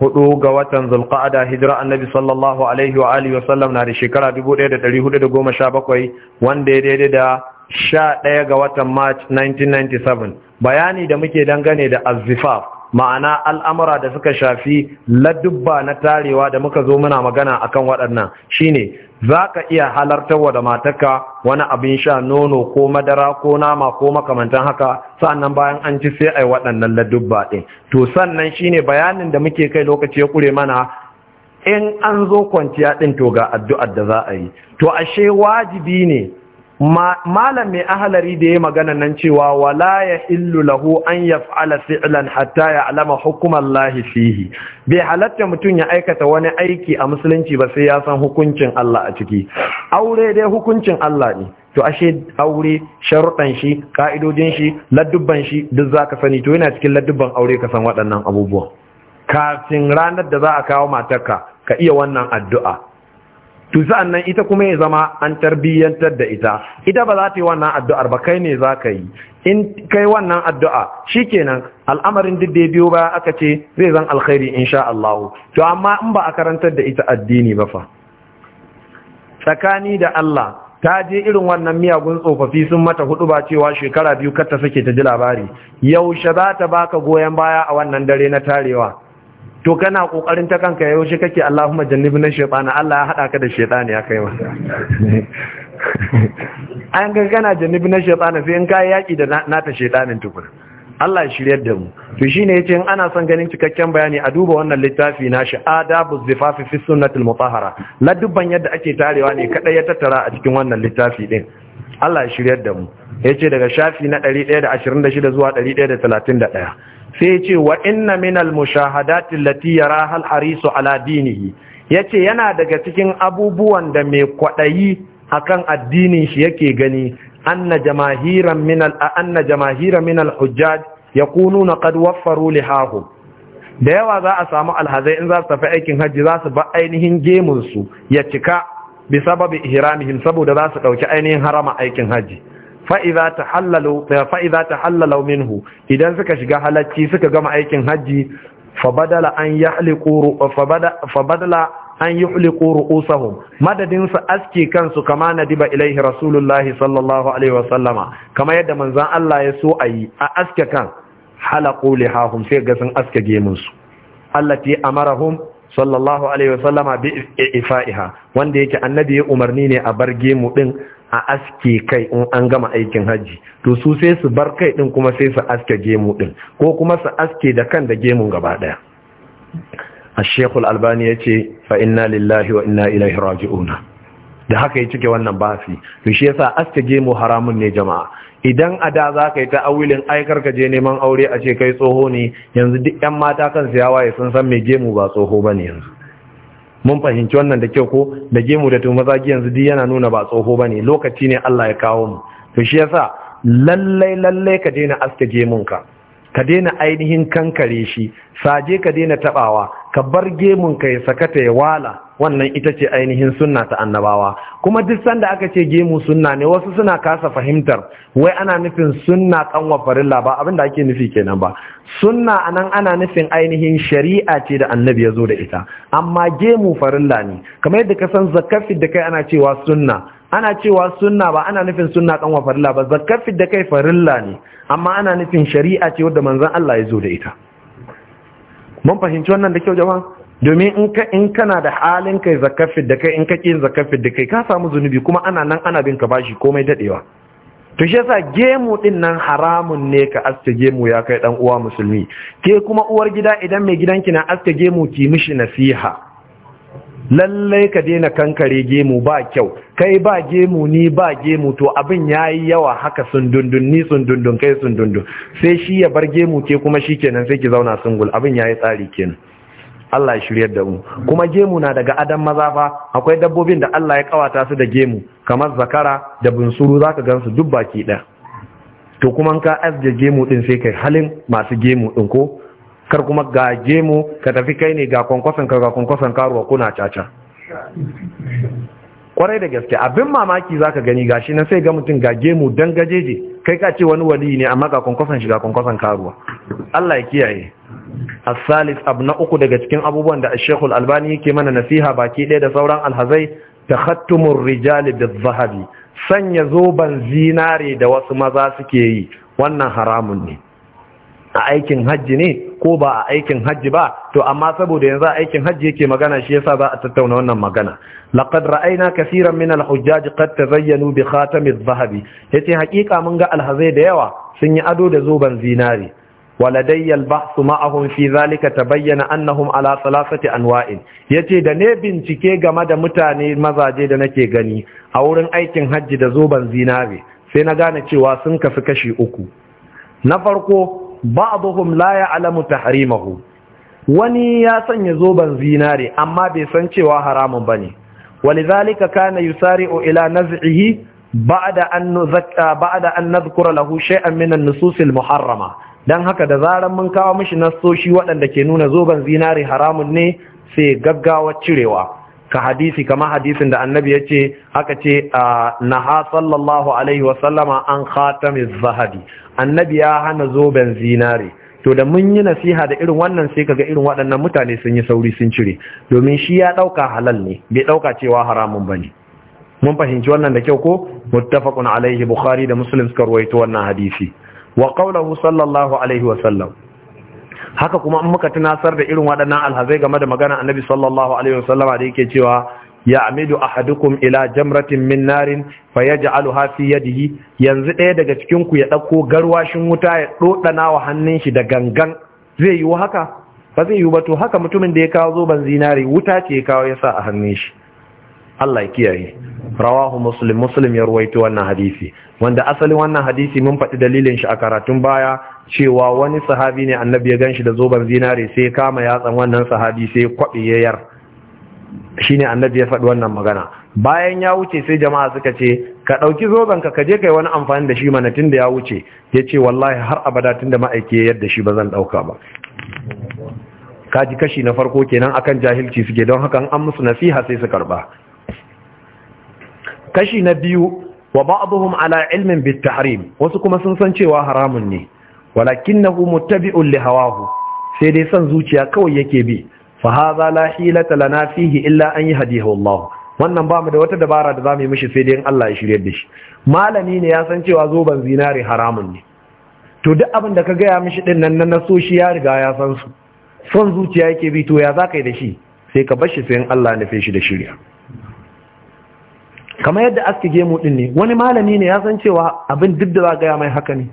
hudu ga watan zulqa'ada hijira annabi sallallahu alaihi wa alihi wasallam na da shekara 1417 wanda ya daidai da 11 ga watan march 1997 bayani da muke dangane da azzifaf ma'ana al'amura da suka shafi ladubba na tarewa da muka zo muna magana akan waɗannan shine za ka iya wa da matarka wani abin sha nono ko madara ko nama ko makamantan haka sannan bayan an ci sai yi waɗannan ladubba ɗin to sannan shine bayanin da muke kai lokaci ya ƙure mana in an zo kwanciya ɗin to ga addu'ar da za a yi to ashe wajibi ne malam mai ahalari da ya magana nan cewa wala ya illu lahu an yaf'ala fi'lan hatta ya alama hukumar lahi fihi bai halatta mutum ya aikata wani aiki a musulunci ba sai ya san hukuncin Allah a ciki aure dai hukuncin Allah ne to ashe aure sharuɗan shi ka'idojin shi ladubban shi duk za ka sani to yana cikin ladubban aure ka san waɗannan abubuwan kafin ranar da za a kawo matarka ka iya wannan addu'a to sa'an ita kuma ya zama an tarbiyyantar da ita ita ba za ta yi wannan addu'ar ba kai ne za ka yi in kai wannan addu'a shi kenan al'amarin duk da biyo ba aka ce zai zan alkhairi insha Allah to amma in ba a karantar da ita addini ba fa tsakani da Allah ta je irin wannan miyagun tsofaffi sun mata hudu ba cewa shekara biyu kar ta sake ta ji labari yaushe za ta baka goyon baya a wannan dare na tarewa to kana kokarin ta kanka yau shi kake Allahumma jannibna shaytana Allah ya hada ka da shaytani ya kai ma an ga kana jannibna shaytana sai in kai yaki da nata shaytanin tukuna Allah ya shiryar da mu to shine yace in ana son ganin cikakken bayani a duba wannan littafi na shi adabu zifafi fi sunnatil mutahhara la dubban yadda ake tarewa ne kadai ya tattara a cikin wannan littafi din Allah ya shiryar da mu yace daga shafi na 126 zuwa 131 sai ce wa inna minal mushahadati ya Rahal al-harisu ala ya ce yana daga cikin abubuwan da mai kwaɗayi a kan addinin shi yake gani anna jamahiran minal anna ya minal hujjaj yakununa lihahu da yawa za a samu alhazai in za su tafi aikin hajji za su ba ainihin gemun su ya cika bi sababi ihramihim saboda za su ɗauki ainihin harama aikin hajji fa'iza ta hallala eh, minhu idan suka shiga halacci suka gama aikin hajji fabadala an yi huliku ru'usahum madadin su aske kansu kama na diba ilaihi rasulullahi sallallahu alaihi wasallama kama yadda manzan Allah ya so a yi a aske kan halaku lihahum sai ga sun aske gemunsu allati amarahum sallallahu alaihi wasallama bi ifa'iha wanda yake annabi ya umarni ne a bar gemu din a aske kai in an gama aikin hajji to su sai su bar kai din kuma sai su aske gemu din ko kuma su aske da kan da gemun gaba daya al albani yace fa inna lillahi wa inna ilaihi raji'una da haka ya cike wannan bafi to shi yasa aske gemu haramun ne jama'a idan a da za ka yi ta'awilin aikar ka je neman aure a ce kai tsoho ne yanzu duk 'yan mata kan siyawa sun san mai gemu ba tsoho bane yanzu mun fahimci wannan da kyau ko da gemu da tumazagi yanzu duk yana nuna ba tsoho bane lokaci ne Allah ya kawo mu to shi yasa lallai lallai ka daina aske gemun ka ka daina ainihin kankare shi saje ka daina tabawa ka bar gemun ka ya sakata ya wala wannan ita ce ainihin sunna ta annabawa kuma duk sanda aka ce gemu sunna ne wasu suna kasa fahimtar wai ana nufin sunna kanwa farilla ba abin da ake nufi kenan ba sunna anan ana nufin ainihin shari'a ce da annabi ya zo da ita amma gemu farilla ne kamar yadda ka san zakafi da kai ana cewa sunna ana cewa sunna ba ana nufin sunna kanwa farilla ba zakafi da kai farilla ne amma ana nufin shari'a ce wadda manzon Allah ya zo da ita mun fahimci wannan da kyau jama'a domin in kana da halin kai zakafin da kai in ka kin zakafin da kai ka samu zunubi kuma ana nan ana bin ka bashi komai daɗewa. to shi yasa gemu din nan haramun ne ka aske gemu ya kai dan uwa musulmi ke kuma uwar gida idan mai gidanki na aske gemu ki mishi nasiha lallai ka daina kankare gemu ba kyau kai ba gemu ni ba gemu to abin yayi yawa haka sun dundun ni sun dundun kai sun dundun sai shi ya bar gemu ke kuma shi shikenan sai ki zauna sungul abin yayi tsari kenan Allah ya shiryar da mu kuma gemu na daga adam mazafa. akwai dabbobin da Allah ya kawata su da gemu kamar zakara da bunsuru zaka gansu duk baki ɗaya to kuma ka azje gemu din sai kai halin masu gemu din ko kar kuma ga gemu ka tafi kai ne ga kwankwason ka ga kwankwason karuwa kuna caca kwarai da gaske abin mamaki zaka gani gashi na sai ga mutum ga gemu dan kai ka ce wani wali ne amma ga kwankwason shi ga kwankwason karuwa Allah ya kiyaye الثالث da أقود albani yake mana yake mana ɗaya da sauran alhazai ta الهزي rijali da zahabi, sanya zoben zinare da wasu maza suke yi wannan haramun ne a aikin hajji ne ko ba a aikin hajji ba to amma saboda yanzu aikin hajji yake magana shi yasa za a tattauna wannan magana laqad ra'ayna kaseeran min al-hujjaj qad tazayyanu bi khatam zahabi? yace hakika mun ga alhazai da yawa sun yi ado da zoben zinare waladayya al-bahth ma'ahum fi zalika tabayyana annahum ala thalathati anwa'in yace da ne bincike game da mutane mazaje da nake gani a wurin aikin hajji da zoban zinare sai na gane cewa sun kasu kashi uku na farko ba'dhum la ya'lamu tahrimahu wani ya sanya zoban zinare amma bai san cewa haramun bane ولذلك كان kana إلى نزعه بعد bada an بعد lahu نذكر له شيئا من النصوص muharrama? don haka da zarar mun kawo mishi nassoshi waɗanda ke nuna zoben zinari haramun ne sai gaggawa cirewa ka hadisi kama hadisin da annabi ya ce haka ce naha sallallahu alaihi wasallama an khatamin zahadi. annabi ya hana zoben zinari to da mun yi nasiha da irin wannan sai kaga irin waɗannan mutane sun yi sauri sun cire domin shi ya ɗauka halal ne bai ɗauka cewa haramun ba ne mun fahimci wannan da kyau ko muttafaqun alaihi bukhari da muslim suka ruwaito wannan hadisi wa qawluhu sallallahu alaihi wa sallam haka kuma in muka tunasar da irin waɗannan alhazai game da magana annabi sallallahu alaihi wasallama da yake cewa ya amidu ahadukum ila jamratin min narin fayaj'aluha fi yadihi yanzu ɗaya daga cikin ku ya ɗauko garwashin wuta ya dodana wa hannun shi da gangan zai yi haka ba zai yi ba to haka mutumin da ya kawo zoban zinari wuta ce ya kawo ya sa a hannun shi Allah ya kiyaye rawahu muslim muslim ya ruwaito wannan hadisi wanda asalin wannan hadisi mun faɗi dalilin shi a karatun baya cewa wani sahabi ne annabi ya ganshi da zoben zinare sai kama yatsan wannan sahabi sai kwaɓe ya yar ne annabi ya faɗi wannan magana bayan ya wuce sai jama'a suka ce ka ɗauki zoben ka ka je kai wani amfani da shi mana tun da ya wuce ya ce wallahi har abada tun da ma'aiki ya yadda shi ba zan ɗauka ba kaji kashi na farko kenan akan jahilci suke don hakan an musu nasiha sai su karba kashi na biyu wa ba'dhum ala ilmin bit-tahrim wasu kuma sun san cewa haramun ne walakinahu muttabi'un li hawahu sai dai san zuciya kawai yake bi fa hadha la hilata lana fihi illa an yahdihi Allah wannan bamu da wata dabara da zamu yi mishi sai dai in Allah ya shirye da shi malami ne ya san cewa zoban zinari haramun ne to duk abin da ka gaya mishi din nan na so shi ya riga ya san su son zuciya yake bi to ya zaka yi da shi sai ka bar shi sai in Allah ya nufe shi da shirya kamar yadda aske gemu din ne wani malami ne ya san cewa abin duk da za gaya mai haka ne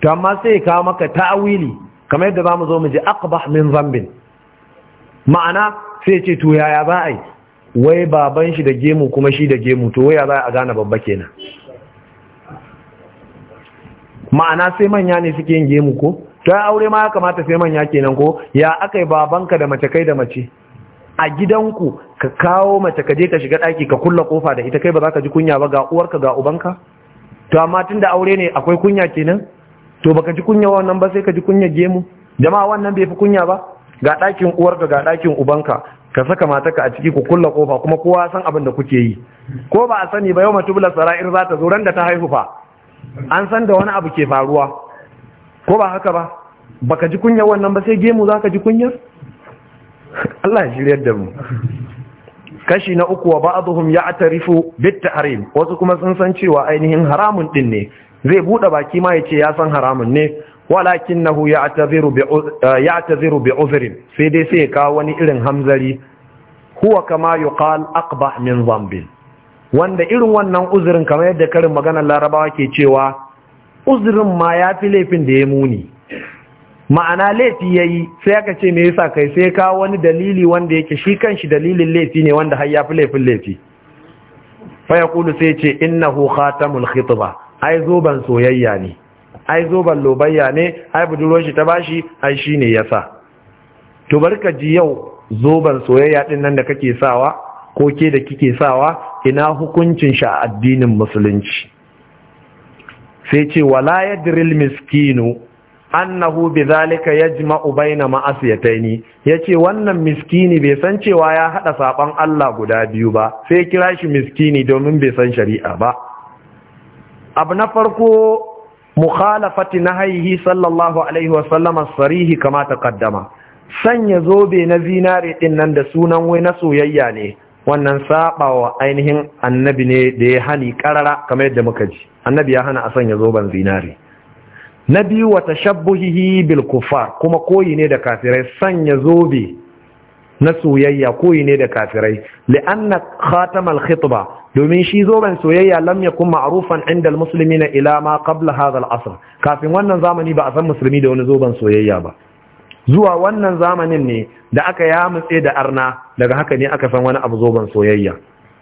to amma sai ya kawo maka ta'awili kamar yadda zamu zo mu je aqbah min zambin ma'ana sai ya ce to yaya za a yi wai baban shi da gemu kuma shi da gemu to waya za a gane babba kenan ma'ana sai manya ne suke yin gemu ko to ya aure ma ya kamata sai manya kenan ko ya akai babanka da mace kai da mace a gidanku ka kawo mace ka je ka shiga ɗaki ka kulla kofa da ita kai ba za ka ji kunya ba ga uwarka ga ubanka to amma tun da aure ne akwai kunya kenan to baka ji kunya wannan ba sai ka ji kunya gemu jama'a wannan bai fi kunya ba ga ɗakin uwarka ga ɗakin ubanka ka saka matarka a ciki ku kulla kofa kuma kowa san abin da kuke yi ko ba a sani ba yau bula sara'ir za ta zo ran da ta haihu fa an san da wani abu ke faruwa ko ba haka ba baka ji kunya wannan ba sai gemu za ka ji kunyar Allah ya shiryar da mu kashi na uku wa ba'dhum ya'tarifu bit-tahrim wasu kuma sun san cewa ainihin haramun din ne zai bude baki ma yace ya san haramun ne walakinahu ya'taziru bi eh, ya'taziru bi uzrin sai dai sai ka wani irin hamzari huwa kama yuqal aqbah min dhanbin wanda irin wannan uzrin kamar yadda karin maganar larabawa ke cewa uzrin ma ya fi laifin da ya muni ma'ana laifi ya yi, sai aka ce me yasa kai sai ka wani dalili wanda yake shi kanshi dalilin laifi ne wanda har ya fi laifin laifi Faya Kulu sai ce Inna hu khatamul khitba ai zoben soyayya ne ai zoban lobayya ne ai budurwar shi ta bashi ai shi ne ya sa. to barka ji yau zoben soyayya din nan da kake sawa ko ke da kike sawa ina hukuncin shi a addinin musulunci sai ce wala yadril miskinu annahu ya yajma'u baina ma'asiyataini yace wannan miskini bai san cewa ya hada saban Allah guda biyu ba sai kira shi miskini domin bai san shari'a ba abu na farko mukhalafati nahyihi sallallahu alaihi wa sallama sarihi kama taqaddama sanya zobe na zinare din nan da sunan wai na soyayya ne wannan wa ainihin annabi ne da ya hani karara kamar yadda muka ji annabi ya hana a sanya zoben zinare na biyu wa tashabbuhihi bil kufar kuma koyi ne da kafirai sanya zobe na soyayya koyi ne da kafirai li'anna khatamal khitba domin shi zoben soyayya lam yakun ma'rufan inda musulmi na ila ma qabla hadha al'asr kafin wannan zamani ba a san musulmi da wani zoben soyayya ba zuwa wannan zamanin ne da aka mutse da arna daga haka ne aka san wani abu zoben soyayya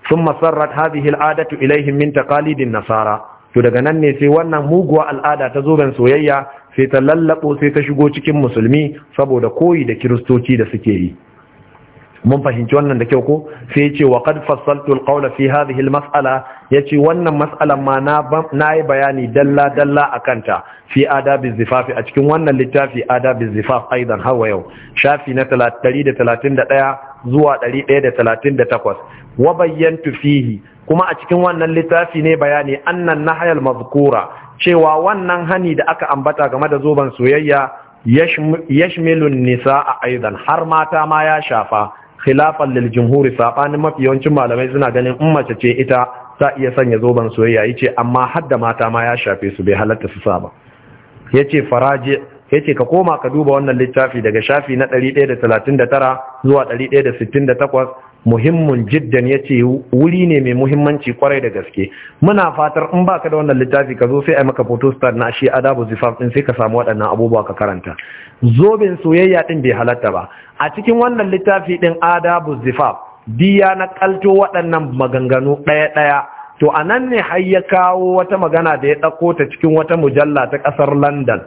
ثم صرت هذه العادة إليهم من تقاليد Nasara. to daga nan ne sai wannan muguwa al'ada ta zoben soyayya sai ta lallabo sai ta shigo cikin musulmi saboda koyi da kiristoci da suke yi mun fahimci wannan da kyau ko sai ya ce wa qad fassaltu al fi hadhihi al-mas'ala yace wannan mas'alan ma na yi bayani dalla dalla akanta fi adabi zifafi a cikin wannan littafi adabi zifaf aidan har wa yau shafi na 131 zuwa 138 wa bayyantu fihi kuma a cikin wannan littafi ne bayani annan na nahayal mazkura cewa wannan hani da aka ambata game da zoben soyayya yashmilun a aidan har mata ma ya shafa khilafan lil jumhuri sabanin mafi yawancin malamai suna ganin in mace ce ita za iya sanya zoben soyayya yace amma hadda mata ma ya shafe su bai halatta su saba yace yace ka koma ka duba wannan littafi daga shafi na 139 zuwa 168 Muhimmin jiddan ya ce wuri ne mai muhimmanci kwarai da gaske muna fatar in ba ka da wannan littafi ka zo sai a maka star na shi adabu zifaf din sai ka samu waɗannan abubuwa ka karanta zobin soyayya din bai halatta ba a cikin wannan littafi din adabu zifaf diya na kalto waɗannan maganganu ɗaya-ɗaya to a nan ne har ya kawo wata magana da ya ɗauko ta cikin wata mujalla ta ƙasar london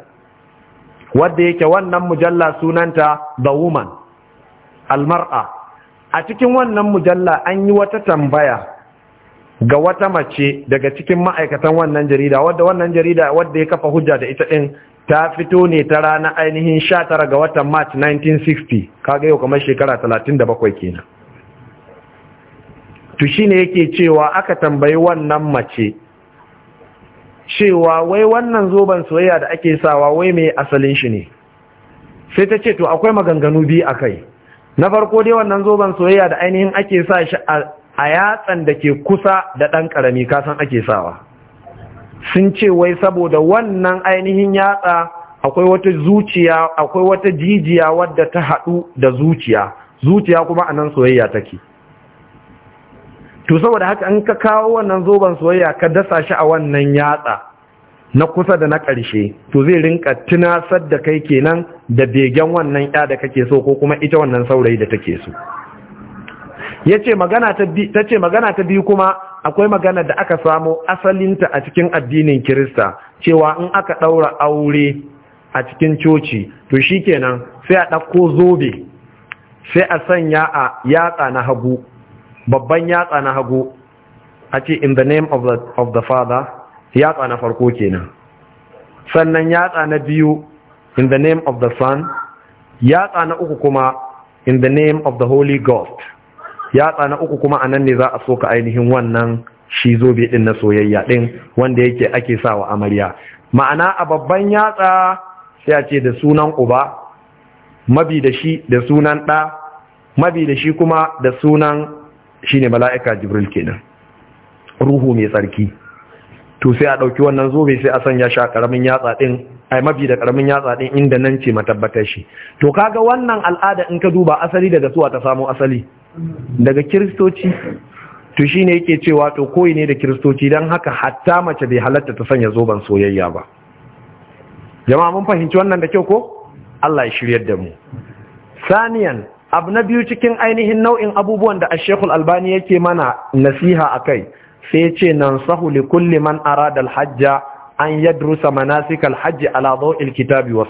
wadda yake wannan mujalla sunanta the woman almar'a a cikin wannan mujalla an yi wata tambaya ga wata mace daga cikin ma'aikatan wannan jarida wadda wannan jarida wadda ya kafa hujja da ita ɗin ta fito ne ta rana ainihin 19 ga watan March 1960 kaga yau kamar shekara 37 kenan to shine yake cewa aka tambayi wannan mace cewa wai wannan zoben soyayya da ake sawa wai mai asalin shi ne sai ta ce to akwai maganganu biyu akai na farko dai wannan zoben soyayya da ainihin ake sa shi a yatsan da ke kusa da ɗan ƙarami kasan ake sawa sun ce wai saboda wannan ainihin yatsa akwai wata zuciya akwai wata jijiya wadda ta haɗu da zuciya zuciya kuma a nan soyayya take to saboda haka in ka kawo wannan zoben soyayya ka dasa shi a wannan yatsa na kusa da na ƙarshe to zai rinka tunasar da kai kenan da begen wannan ya da kake so ko kuma ita wannan saurayi da take so yace magana ta bi magana ta biyu kuma akwai magana da aka samo asalinta a cikin addinin Kirista cewa in aka ɗaura aure a cikin coci to shi kenan, sai a ɗauko zobe sai a sanya a yatsa na hagu babban yatsa na hagu a ce in the name of the, of the father yatsa na farko kenan sannan yatsa na biyu in the name of the son yatsa na uku kuma in the name of the holy ghost yatsa na uku kuma anan ne za a soka ainihin wannan shi zobe din na soyayya din wanda yake ake sawa amarya ma'ana a babban yatsa sai a ce da sunan uba mabi da shi da sunan ɗa mabi da shi kuma da sunan shine mala'ika jibril kenan ruhu mai tsarki to sai a ɗauki wannan zobe sai a sanya shi a ƙaramin yatsa ɗin a mafi da ƙaramin yatsa ɗin inda nan ce matabbatar shi to kaga wannan al'ada in ka duba asali daga suwa ta samo asali daga kiristoci to shi ne yake cewa to koyi ne da kiristoci don haka hatta mace bai halatta ta sanya zoben soyayya ba jama'a mun fahimci wannan da kyau ko Allah ya shiryar da mu saniyan abu na biyu cikin ainihin nau'in abubuwan da ashekul albani yake mana nasiha a kai sai ce nan sahu li kulli man arada alhajja an yadrusa manasikal hajji ala dhawil kitabi was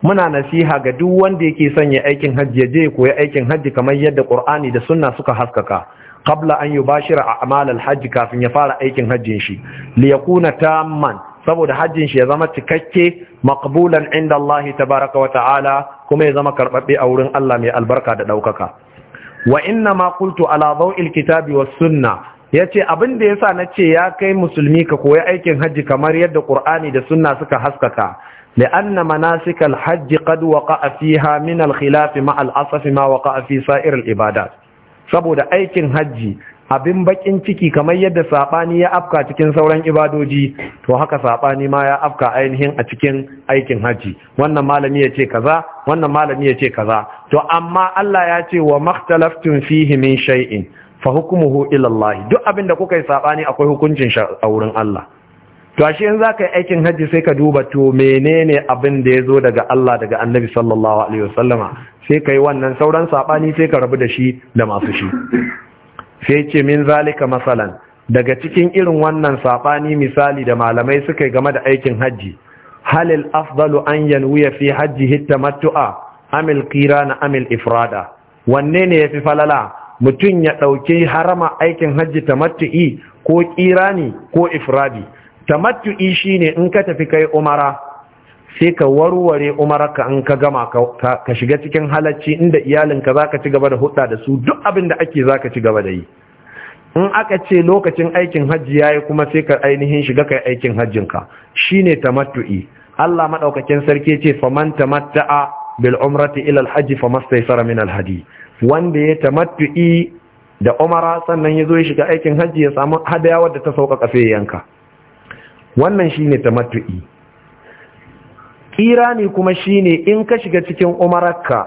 muna nasiha ga duk wanda yake sanya aikin hajji je ya koyi aikin hajji kamar yadda Qur'ani da Sunna suka haskaka qabla an yubashira a'mal al kafin ya fara aikin hajjin shi li yakuna tamman saboda hajjin shi ya zama cikakke maqbulan inda Allah tabaaraka wa ta'ala kuma ya zama karbabbe a wurin Allah mai albarka da daukaka wa inna ma qultu ala dhaw'il kitabi was ya ce abin da ya sa na ce ya kai musulmi ka koyi aikin hajji kamar yadda ƙur'ani da sunna suka haskaka لأن مناسك الحج قد وقع فيها من الخلاف مع الأسف ما وقع في saboda aikin hajji abin bakin ciki kamar yadda sabani ya afka cikin sauran ibadoji to haka sabani ma ya afka ainihin a cikin aikin hajji wannan malami ya ce kaza wannan malami ya ce kaza to amma Allah ya ce wa makhtalaftum fihi min shay'in fa hukumuhu ila duk abin da kuka yi sabani akwai hukuncin shi a wurin Allah to ashe in zaka yi aikin haji sai ka duba to menene abin da yazo daga Allah daga Annabi sallallahu alaihi wasallama sai kai wannan sauran sabani sai ka rabu da shi da masu shi sai ce min zalika masalan daga cikin irin wannan sabani misali da malamai suka yi game da aikin haji halil afdalu an yanwiya fi hajji Hitta Matua, amil qirana amil ifrada wanne ne yafi falala mutum ya ɗauki harama aikin hajji tamattu'i ko ƙirani ko ifradi tamattu'i ne in ka tafi kai umara sai ka warware Umaraka in ka gama ka shiga cikin halacci inda iyalinka za ka ci gaba da hudda da su duk abin da ake za ka ci gaba da yi in aka ce lokacin aikin hajji ya yi kuma sai ka ainihin shiga kai aikin hajjinka shi ne tamattu'i Allah maɗaukakin sarki ce faman matta'a, bil umrati ila alhaji yi sara min alhadi wanda ya tamattu'i da umara sannan ya zo ya shiga aikin hajji ya samu hadaya wadda ta sauƙaƙa sai yanka wannan shine tamattu'i ne kuma shine in ka shiga cikin umararka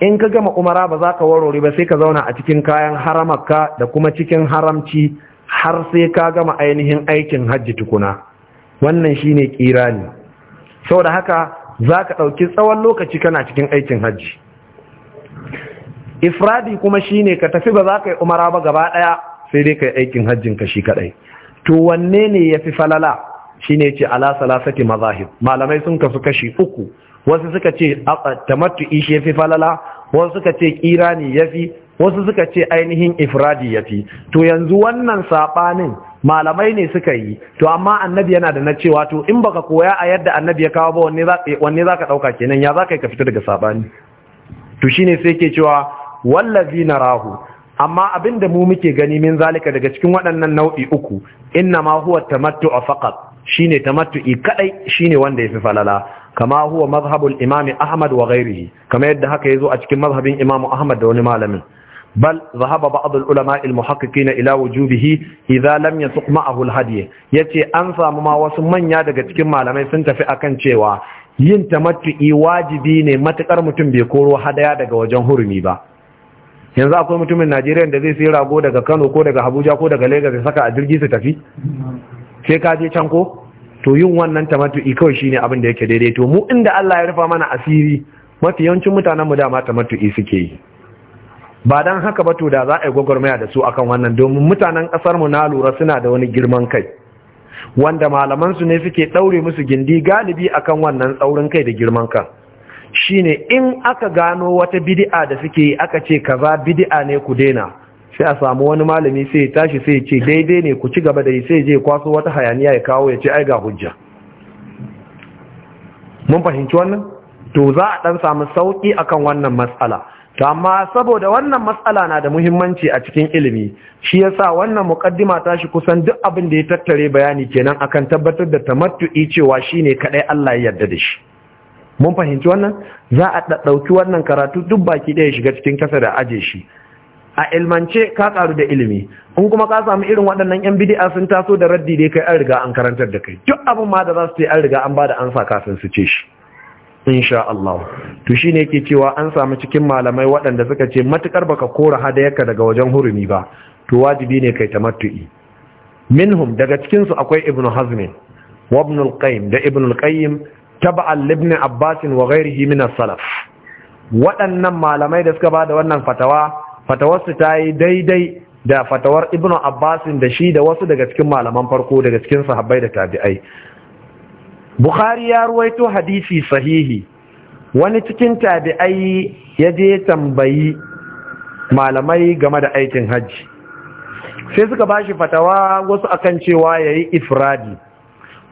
in ka gama umara ba za ka warware ba sai ka zauna a cikin kayan haramarka da kuma cikin haramci har sai ka gama ainihin aikin hajji tukuna wannan shine Sau saboda haka za ka ɗauki tsawon lokaci kana cikin aikin hajji ifradi kuma shine ka tafi ba za ka yi umara ba gaba ɗaya sai dai ka yi aikin hajjin ka shi kaɗai to wanne ne ya fi falala shine ce ala salasati mazahib malamai sun kasu kashi uku wasu suka ce tamattu ishe fi falala wasu suka ce kirani yafi wasu suka ce ainihin ifradi yafi to yanzu wannan sabanin malamai ne suka yi to amma annabi yana da na cewa to in baka koya a yadda annabi ya kawo ba wanne za ka ɗauka kenan ya Za ka yi ka fita daga saɓani. to shine sai ke cewa wallazi narahu amma abin da mu muke gani min zalika daga cikin waɗannan nau'i uku inna ma huwa tamattu'a faqat shine tamattu'i kadai shine wanda yafi falala kama huwa mazhabul imam ahmad wa ghairihi kama yadda haka yazo a cikin mazhabin imam ahmad da wani malamin بل ذهب بعض العلماء المحققين الى وجوبه اذا لم يسق معه Ya yace an samu ma wasu manya daga cikin malamai sun tafi akan cewa yin tamatu'i wajibi ne matakar mutum bai koro hadaya daga wajen hurumi ba yanzu akwai mutumin najeriya da zai sai rago daga kano ko daga abuja ko daga lagos ya saka a jirgi su tafi sai ka je can ko to yin wannan tamattu'i kawai shine abin da yake daidai to mu inda Allah ya rufa mana asiri mafi yawancin mutanen mu dama tamattu'i suke yi ba dan haka ba to da za a yi gwagwarmaya da su akan wannan domin mutanen kasar mu na lura suna da wani girman kai wanda malaman su ne suke daure musu gindi galibi akan wannan tsaurin kai da girman kan shine in aka gano wata bidi'a da suke yi aka ce kaza bidi'a ne ku daina sai a samu wani malami sai ya tashi sai ce daidai ne ku ci gaba da yi sai je kwaso wata hayaniya ya kawo ya ce ai ga hujja mun fahimci wannan to za a dan samu sauki akan wannan matsala to amma saboda wannan matsala na da muhimmanci a cikin ilimi shi yasa wannan muqaddima ta shi kusan duk abin da ya tattare bayani kenan akan tabbatar da tamattu'i cewa shine kadai Allah ya yarda da shi mun fahimci wannan za a ɗauki wannan karatu duk baki ɗaya shiga cikin kasa da aje shi a ilmance ka karu da ilimi in kuma ka samu irin waɗannan yan bidi'a sun taso da raddi dai kai an riga an karantar da kai duk abin ma da za su ce an riga an ba da ansa kafin su ce shi insha Allah to shine yake cewa an samu cikin malamai waɗanda suka ce matukar baka kora hadayarka daga wajen hurumi ba to wajibi ne kai tamattu'i minhum daga cikin su akwai ibnu hazm wa ibnu al-qayyim da Ibnu. al taba'an libni abbasin wa gairihi min salaf waɗannan malamai da suka ba da wannan fatawa fatawarsu ta yi daidai da fatawar ibnu abbasin da shi da wasu daga cikin malaman farko daga cikin sahabbai da tabi'ai bukhari ya ruwaito hadisi sahihi wani cikin tabi'ai ya je tambayi malamai game da aikin hajji sai suka bashi fatawa wasu akan cewa ya yi ifradi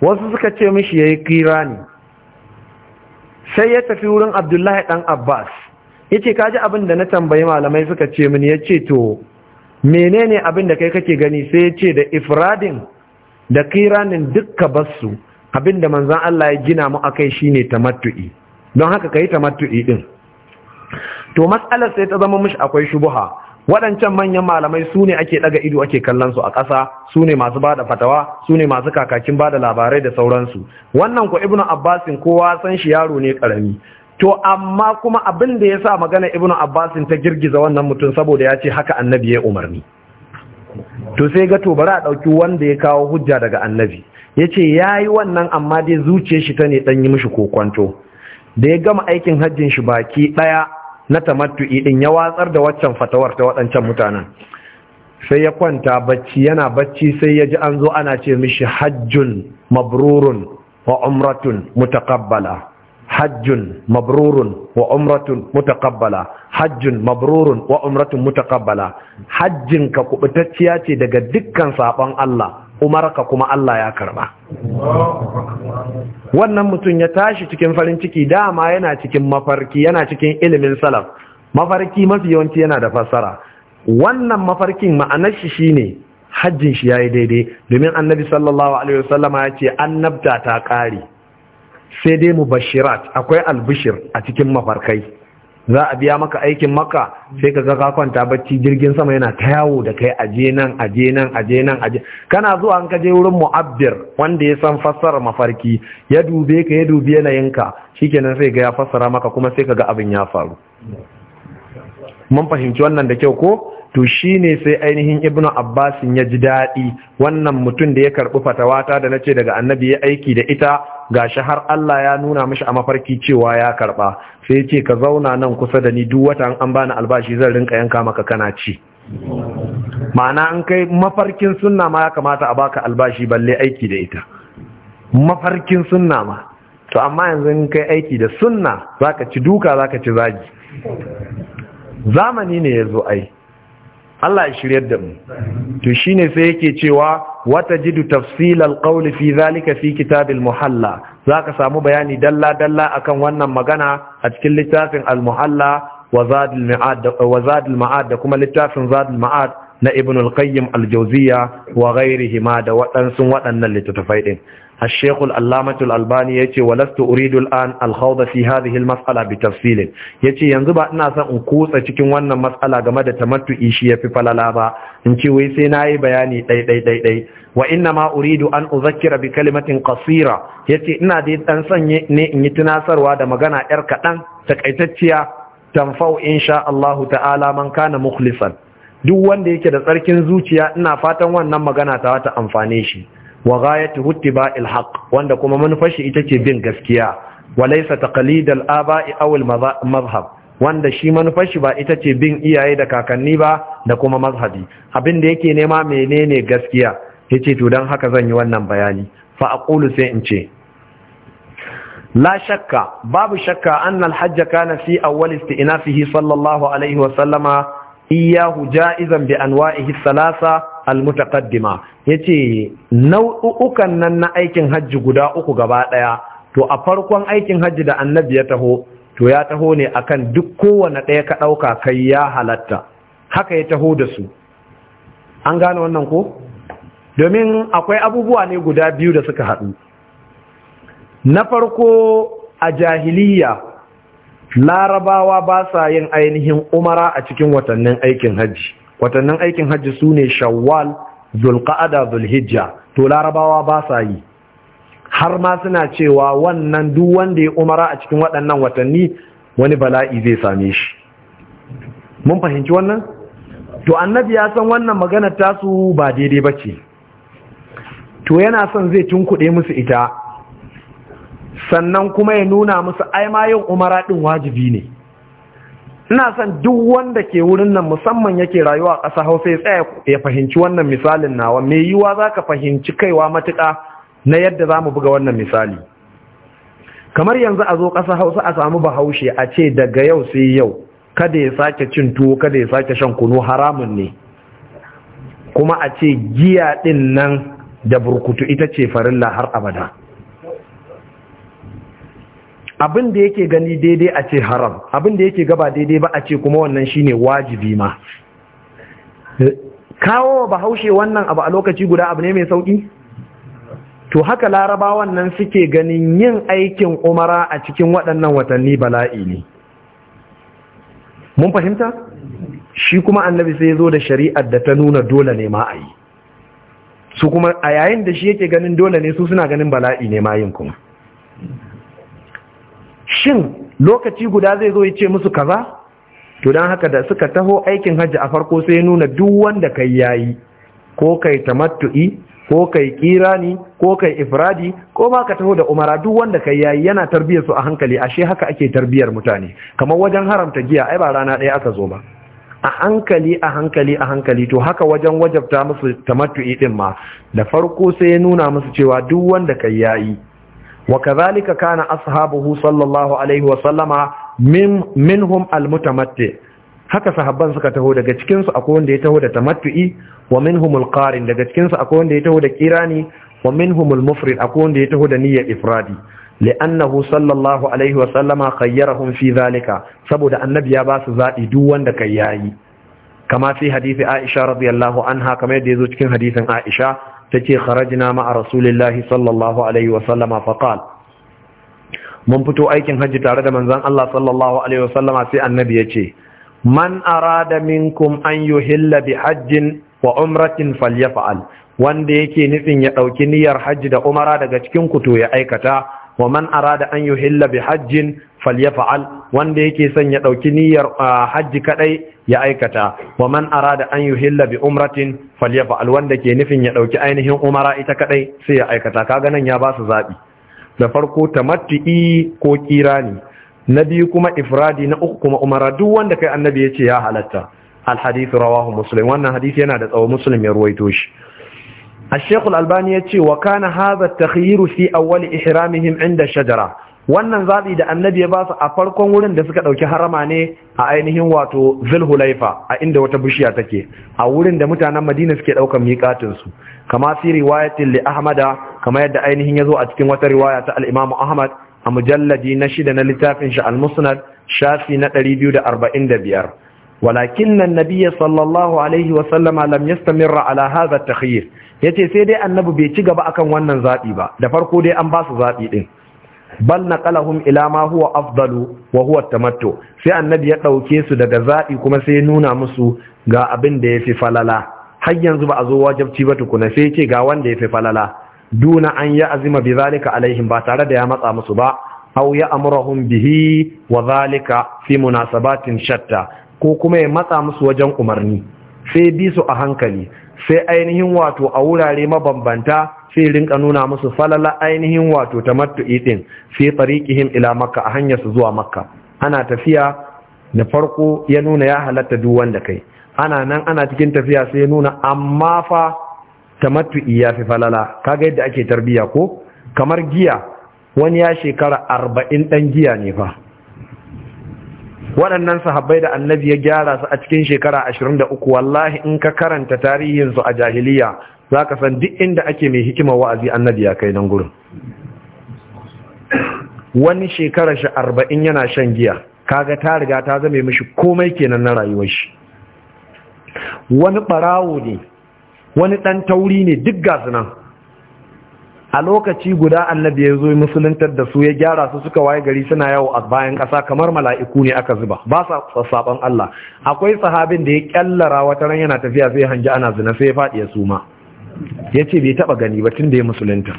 wasu suka ce mishi ya yi kirani sai ya tafi wurin abdullahi ɗan abbas ya ce kaji abin da na tambayi malamai suka ce mini ya ce to menene abin da kai kake gani sai ya ce da ifradin da kiranin dukka basu abin da manzan Allah ya gina mu akai shine tamattu'i don haka kai tamattu'i din to mas'alar sai ta zama mishi akwai shubuha waɗancan manyan malamai su ne ake ɗaga ido ake kallon su a ƙasa su ne masu bada fatawa su ne masu kakakin bada labarai da sauransu wannan ko ibnu abbasin kowa san shi yaro ne ƙarami to amma kuma abin da ya sa magana ibnu abbasin ta girgiza wannan mutum saboda ya ce haka annabi ya umarni to sai ga to bari a ɗauki wanda ya kawo hujja daga annabi ya ce ya yi wannan amma dai zuciyar shi ta ne ɗan yi mishi kokwanto da ya gama aikin hajjin shi baki ɗaya na tamattu'i idin ya watsar da waccan fatawar ta waɗancan mutanen sai ya kwanta bacci yana bacci sai ya ji an zo ana ce mishi hajjun mabrurun wa umratun mutaqabbala hajjun mabrurun wa umratun mutaqabbala hajjun mabrurun wa umratun mutaqabbala hajjin ka kubutacciya ce daga dukkan saɓon Allah umarka kuma Allah ya karba wannan mutum ya tashi cikin farin ciki dama yana cikin mafarki yana cikin ilimin salaf mafarki mafi yawanci yana da fassara wannan mafarkin ma'anar shi shine hajjin shi ya yi daidai domin annabi sallallahu alaihi wasallama ya ce annabta ta kare sai dai mubashirat akwai albishir a cikin mafarkai za a biya maka aikin maka sai ka ga kwanta bacci jirgin sama yana ta yawo da kai aje nan aje nan aje nan aje kana zuwa an ka wurin mu'abbir wanda ya san fassarar mafarki ya dube ka ya dubi yanayinka shikenan sai ga ya fassara maka kuma sai ka ga abin ya faru mun fahimci wannan da kyau ko to shine sai ainihin ibnu Abbas ya ji daɗi wannan mutum da ya karɓi fatawata da na ce daga annabi ya aiki da ita gashi har Allah ya nuna mishi a mafarki cewa ya karɓa sai ce ka zauna nan kusa da ni duk wata an bani albashi zan rinka yanka maka kana ci ma'ana an kai mafarkin sunna ma ya kamata a baka albashi balle aiki da ita mafarkin sunna ma to amma yanzu in kai aiki da sunna zaka ci duka zaka ci zagi zamani ne yazo zo ai Allah ya shiryar da mu to shine sai yake cewa wata jidu tafsilal qawli fi zalika fi kitabil muhalla za ka samu bayani dalla-dalla akan wannan magana a cikin littafin al-muhalla wa zadil ma'ad da kuma littafin zadil ma'ad na ibn al-qayyim al-jawziya wa ma da waɗansu waɗannan littattafai ɗin الشيخ العلامة الألباني يتي ولست أريد الآن الخوض في هذه المسألة بتفصيل يتي ينزبا ناسا انكوسة تكين وانا مسألة غمدة تمتو إيشية في فلالابا انتي ويسيناي بياني دي دي دي دي وإنما أريد أن أذكر بكلمة قصيرة يتي إنا دي أنسان يتناسر وادا مغانا إركتان تكأتتيا تنفو إن شاء الله تعالى من كان مخلصا duk wanda yake da tsarkin zuciya ina fatan wannan magana ta wata amfane shi wa ghayatu ittiba'il haqq wanda kuma manufar shi ita ce bin gaskiya wa laysa taqlidal aba'i aw al wanda shi manufar shi ba ita ce bin iyaye da kakanni ba da kuma mazhabi abin da yake nema menene gaskiya yace to dan haka zan yi wannan bayani fa aqulu sai in ce la shakka babu shakka anna al-hajj kana fi awwal istinafihi sallallahu alaihi wa sallama iyyahu ja'izan bi anwa'ihi thalatha almutaqaddima yace nau'ukan nan na aikin hajji guda uku gaba daya to a farkon aikin hajji da annabi ya taho to ya taho ne akan duk kowane ɗaya ka ɗauka kai ya halatta haka ya taho da su an gane wannan ko domin akwai abubuwa ne guda biyu da suka haɗu na farko a jahiliya larabawa ba sa yin ainihin umara a cikin watannin aikin hajji watannin aikin hajji su ne shawwal zulka'ada zulhijja to larabawa ba sa yi har ma suna cewa wannan duk wanda ya umara a cikin waɗannan watanni wani bala'i zai same shi mun fahimci wannan to annabi ya san wannan magana tasu ba daidai ba ce to yana son zai tunkuɗe musu ita sannan kuma ya nuna musu ai ma yin umara ɗin wajibi ne ina son duk wanda ke wurin nan musamman yake rayuwa a ƙasa hausa ya tsaya ya fahimci wannan misalin nawa mai yiwa za ka fahimci kaiwa matuƙa na yadda za mu buga wannan misali kamar yanzu a zo ƙasa hausa a samu bahaushe a ce daga yau sai yau kada ya sake cin tuwo kada ya sake shan kunu haramun ne kuma a ce giya ɗin nan da burkutu ita ce farilla har abada abin da yake gani daidai a ce haram abin da yake gaba daidai ba a ce kuma wannan shine wajibi ma kawo bahaushe wannan abu a lokaci guda abu ne mai sauki to haka laraba wannan suke ganin yin aikin umara a cikin waɗannan watanni bala'i ne mun fahimta shi kuma annabi sai ya zo da shari'ar da ta nuna dole ne ma a yi su kuma a yayin da shi yake ganin dole ne su suna ganin bala'i ne ma yin kuma shin lokaci guda zai zo ya ce musu kaza to don haka da suka taho aikin hajji a farko sai ya nuna duk wanda kai yayi ko kai tamattu'i ko kai kirani ko kai ifradi ko ba ka taho da umara duk wanda kai yayi yana tarbiyar su a hankali ashe haka ake tarbiyar mutane kamar wajen haramta giya ai ba rana ɗaya aka zo ba a hankali a hankali a hankali to haka wajen wajabta musu tamattu'i din ma da farko sai ya nuna musu cewa duk wanda kai yayi wa kazalika kana ashabuhu sallallahu alaihi wa sallama min minhum almutamatti haka sahabban suka taho daga cikinsu su akwai wanda ya taho da tamattu'i wa minhum qarin daga cikinsu su akwai wanda ya taho da kirani wa minhum almufrid akwai wanda ya taho da niyyar ifradi li'annahu sallallahu alaihi wa sallama khayyarahum fi zalika saboda annabi ya ba su zabi duk wanda kai yayi kama fi hadisi Aisha radiyallahu anha kamar yadda zo cikin hadisin Aisha tace kharajna ma'a rasulillahi sallallahu alaihi wa sallama mun fito aikin hajji tare da manzon Allah sallallahu alaihi wasallama sai annabi ya ce man arada minkum an yuhilla bi hajjin wa umratin falyaf'al wanda yake nufin ya dauki niyyar hajji da umara daga cikin ku to ya aikata wa man arada an yuhilla bi hajjin falyaf'al wanda yake son ya ɗauki niyyar hajji kadai ya aikata wa man arada an yuhilla bi umratin falyaf'al wanda ke nufin ya ɗauki ainihin umara ita kadai sai ya aikata kaga nan ya ba su zaɓi? da farko tamattu'i ko ne? na biyu kuma ifradi na uku kuma umara duk wanda kai annabi ya ce ya halatta al rawahu muslim wannan hadisi yana da tsawo muslim ya ruwaito shi الشيخ الألباني يتي وكان هذا التخيير في أول إحرامهم عند الشجرة wannan zaɓi da annabi ya ba su a farkon wurin da suka ɗauki harama ne a ainihin wato zulhulaifa a inda wata bishiya take a wurin da mutanen madina suke ɗaukar su kama fi riwayatin li ahmada kama yadda ainihin ya zo a cikin wata riwaya ta al'imamu ahmad a mujalladi na shida na littafin shi al-musnad shafi na biyar. walakin nan sallallahu alaihi wa sallama lam yastamirra ala hadha at-takhyir Ya ce sai dai annabi bai ci gaba akan wannan zaɓi ba da farko dai an ba su zabi ɗin bal na ila mahuwa huwa afdalu wa huwa tamattu sai annabi ya ɗauke su daga zaɓi kuma sai ya nuna musu ga abin da fi falala har yanzu ba a zo wajabci ba tukuna sai ce ga wanda ya fi falala duna an yi azima bi zalika alaihim ba tare da ya matsa musu ba aw ya amurahum bihi wa zalika fi munasabatin shatta ko kuma ya matsa musu wajen umarni sai bi su a hankali sai ainihin wato a wurare mabambanta sai rinka nuna musu falala ainihin wato ta tamattu'i din tsariki him ila makka a hanyar su zuwa makka ana tafiya na farko ya nuna ya halatta duk wanda kai ana nan ana cikin tafiya sai nuna amma fa ta mattu ya fi falala kaga yadda ake tarbiya ko kamar giya wani ya shekara arba'in ɗan giya ne fa waɗannan sahabbai da annabi ya gyara su a cikin shekara 23 wallahi in ka karanta tarihinsu a jahiliya za ka san duk inda ake mai hikimar wa'azi annabi ya kai nan gurin wani shekara shi arba'in yana shan giya kaga ta riga ta zame mashi komai kenan na rayuwar shi wani barawo ne wani ɗan tauri ne duk gasu nan a lokaci guda annabi ya zo musuluntar da su ya gyara su suka waye gari suna yawo a bayan kasa, kamar mala'iku ne aka zuba ba sa sassaban Allah akwai sahabin da ya kyallara wata ran yana tafiya sai hanji ana zina sai ya faɗi ya suma ya ce bai taɓa gani ba tun da ya musulunta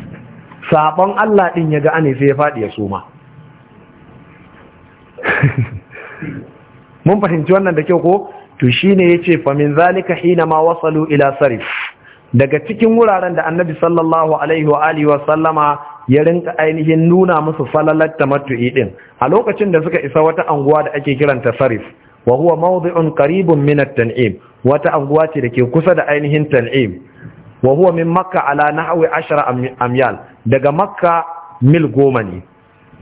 Sabon Allah ɗin ya ga ane sai ya faɗi ya suma mun fahimci wannan da kyau ko to shine yace famin zalika hina ma wasalu ila sarif daga cikin wuraren da annabi sallallahu alaihi wa alihi wa sallama ya rinka ainihin nuna musu falalar tamattu'i din a lokacin da suka isa wata anguwa da ake kiranta sarif wa huwa karibin qaribun min at-tan'im wata anguwa ce dake kusa da ainihin tan'im wa huwa min makka ala nahwi 10 amyal daga makka mil goma ne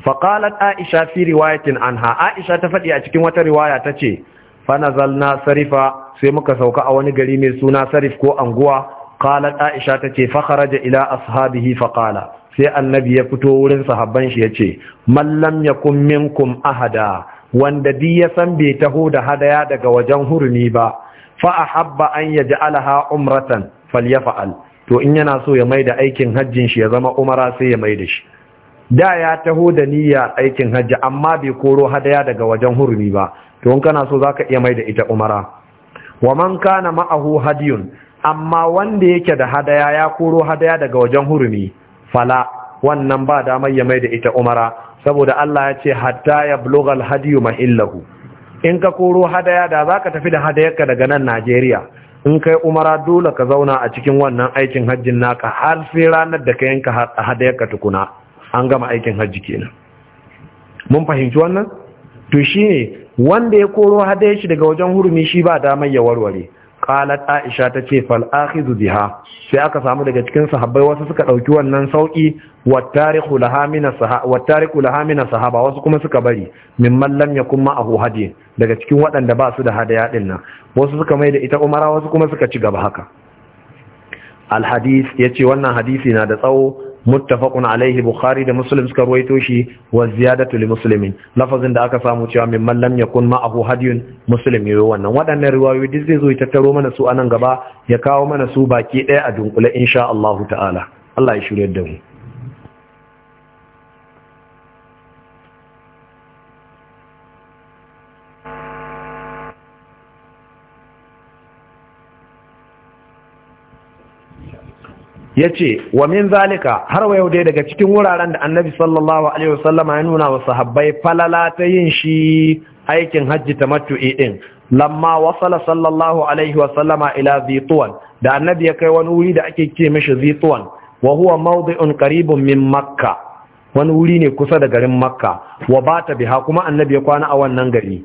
faqalat aisha fi riwayatin anha aisha ta faɗi a cikin wata riwaya ta ce, fa nazalna sarifa sai muka sauka a wani gari mai suna sarif ko anguwa qalat aisha tace fa kharaja ila ashabihi fa qala sai annabi ya fito wurin sahabban shi yace man lam yakun minkum ahada wanda bi ya san bai taho da hadaya daga wajen hurumi ba fa ahabba an yaj'alaha umratan falyaf'al to in yana so ya maida aikin hajjin shi ya zama umara sai ya maida shi da ya taho da niyya aikin hajji amma bai koro hadaya daga wajen hurumi ba to in kana so zaka iya maida ita umara wa man kana ma'ahu hadiyun amma wanda yake da hadaya ya koro hadaya daga wajen hurumi fala wannan ba damar ya mai da ita umara saboda Allah ya ce hatta ya blogal hadiyu mahillahu in ka koro hadaya da za ka tafi da hadayarka daga nan Najeriya in kai umara dole ka zauna a cikin wannan aikin hajjin naka har sai ranar da ka yanka hadayarka tukuna an gama aikin hajji kenan mun fahimci wannan to shine wanda ya koro hadayar shi daga wajen hurumi shi ba damar ya warware qalat aisha tace fal akhidhu biha sai aka samu daga cikin sahabbai wasu suka dauki wannan sauki wattariqu laha min sahaba wattariqu laha min sahaba wasu kuma suka bari mimman lam yakun ma'ahu hadi daga cikin waɗanda ba su da hadaya din nan wasu suka mai da ita umara wasu kuma suka ci gaba haka al hadith yace wannan hadisi na da tsawo muttafaqun alaihi bukhari da muslim suka ruwaito shi wa ziyadatu li muslimin lafazin da aka samu cewa min man lam yakun ma'ahu hadiyun muslim yayi wannan waɗannan riwayoyi duk zai zo ya tattaro mana su anan gaba ya kawo mana su baki ɗaya a dunkule insha Allah ta'ala Allah ya shirye da mu ya ce wa min zalika har wa yau dai daga cikin wuraren da annabi sallallahu alaihi wasallama ya nuna wa sahabbai falala ta yin shi aikin hajji ta matu'i din lamma wasala sallallahu alaihi wasallama ila zituwan da annabi ya kai wani wuri da ake ce mishi zituwan wa huwa mawdi'un qaribun min makka wani wuri ne kusa da garin makka wa bata biha kuma annabi ya kwana a wannan gari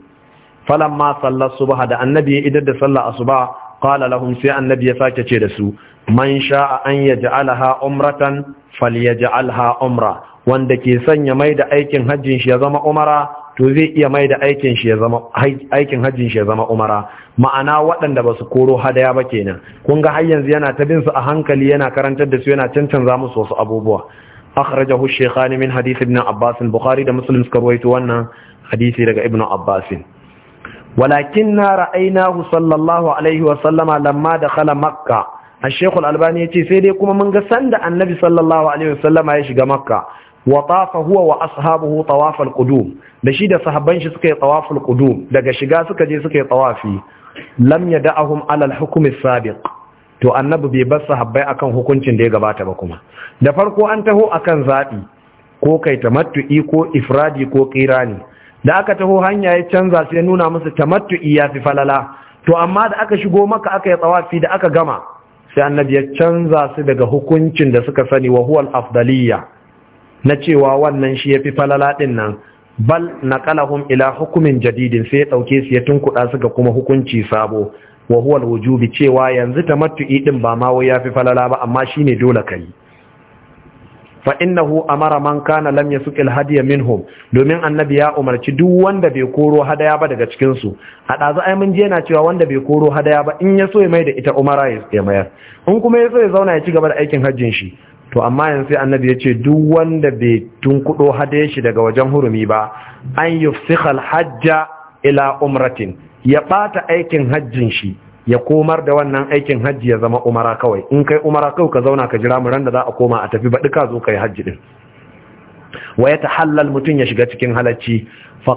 falamma sallar subha da annabi ya idar da sallar asuba qala lahum sai annabi ya sake ce da su man sha'a an yaj'alaha umratan alha umra wanda ke sanya mai da aikin hajjin shi ya zama umara to zai iya mai da aikin shi ya zama hajjin shi ya zama umara ma'ana waɗanda ba su koro hadaya ba kenan kun ga har yanzu yana ta bin su a hankali yana karantar da su yana cancanza musu wasu abubuwa akhrajahu shaykhani min hadith ibn abbas bukhari da muslim suka rawaito wannan hadisi daga ibn abbas walakin na ra'aynahu sallallahu alaihi wa sallama lamma dakhala makkah a shekul albani ya ce sai dai kuma mun ga sanda annabi sallallahu alaihi wasallama ya shiga makka wa tafa huwa wa ashabuhu tawafal qudum da shi da sahabban shi suka yi tawaful qudum daga shiga suka je suka yi tawafi lam yada'ahum ala al-hukm as-sabiq to annabi bai bar sahabbai akan hukuncin da ya gabata ba kuma da farko an taho akan zabi ko kai tamattu'i ko ifradi ko qirani da aka taho hanya ya canza sai nuna musu tamattu'i ya fi falala to amma da aka shigo maka aka yi tsawafi da aka gama sai annabi ya canza su daga hukuncin da suka sani wa huwal afdaliya na cewa wannan shi yafi falala ɗin nan bal naqalahum ila hukumin jadidin sai ya ɗauke su ya tunkuɗa su ga kuma hukunci sabo wa huwal wujubi cewa yanzu ta matu'i ɗin ba ma wai fi falala ba amma shi ne dole ka yi. fa innahu amara man kana lam yasuq al hadiya minhum domin annabi ya umarci duk wanda bai koro hadaya ba daga cikin su a dazu ai mun je yana cewa wanda bai koro hadaya ba in ya so ya mai da ita umara ya mayar in kuma ya so ya zauna ya ci gaba da aikin hajjin shi to amma yanzu sai annabi ya ce duk wanda bai tunkudo hadaya shi daga wajen hurumi ba an yufsikha al hajja ila umratin ya bata aikin hajjin shi ya komar da wannan aikin hajji ya zama umara kawai in kai umara kawai ka zauna ka jira muran da za a koma a tafi baɗi ka zo yi hajji din wa ya tahallal mutum ya shiga cikin halacci fa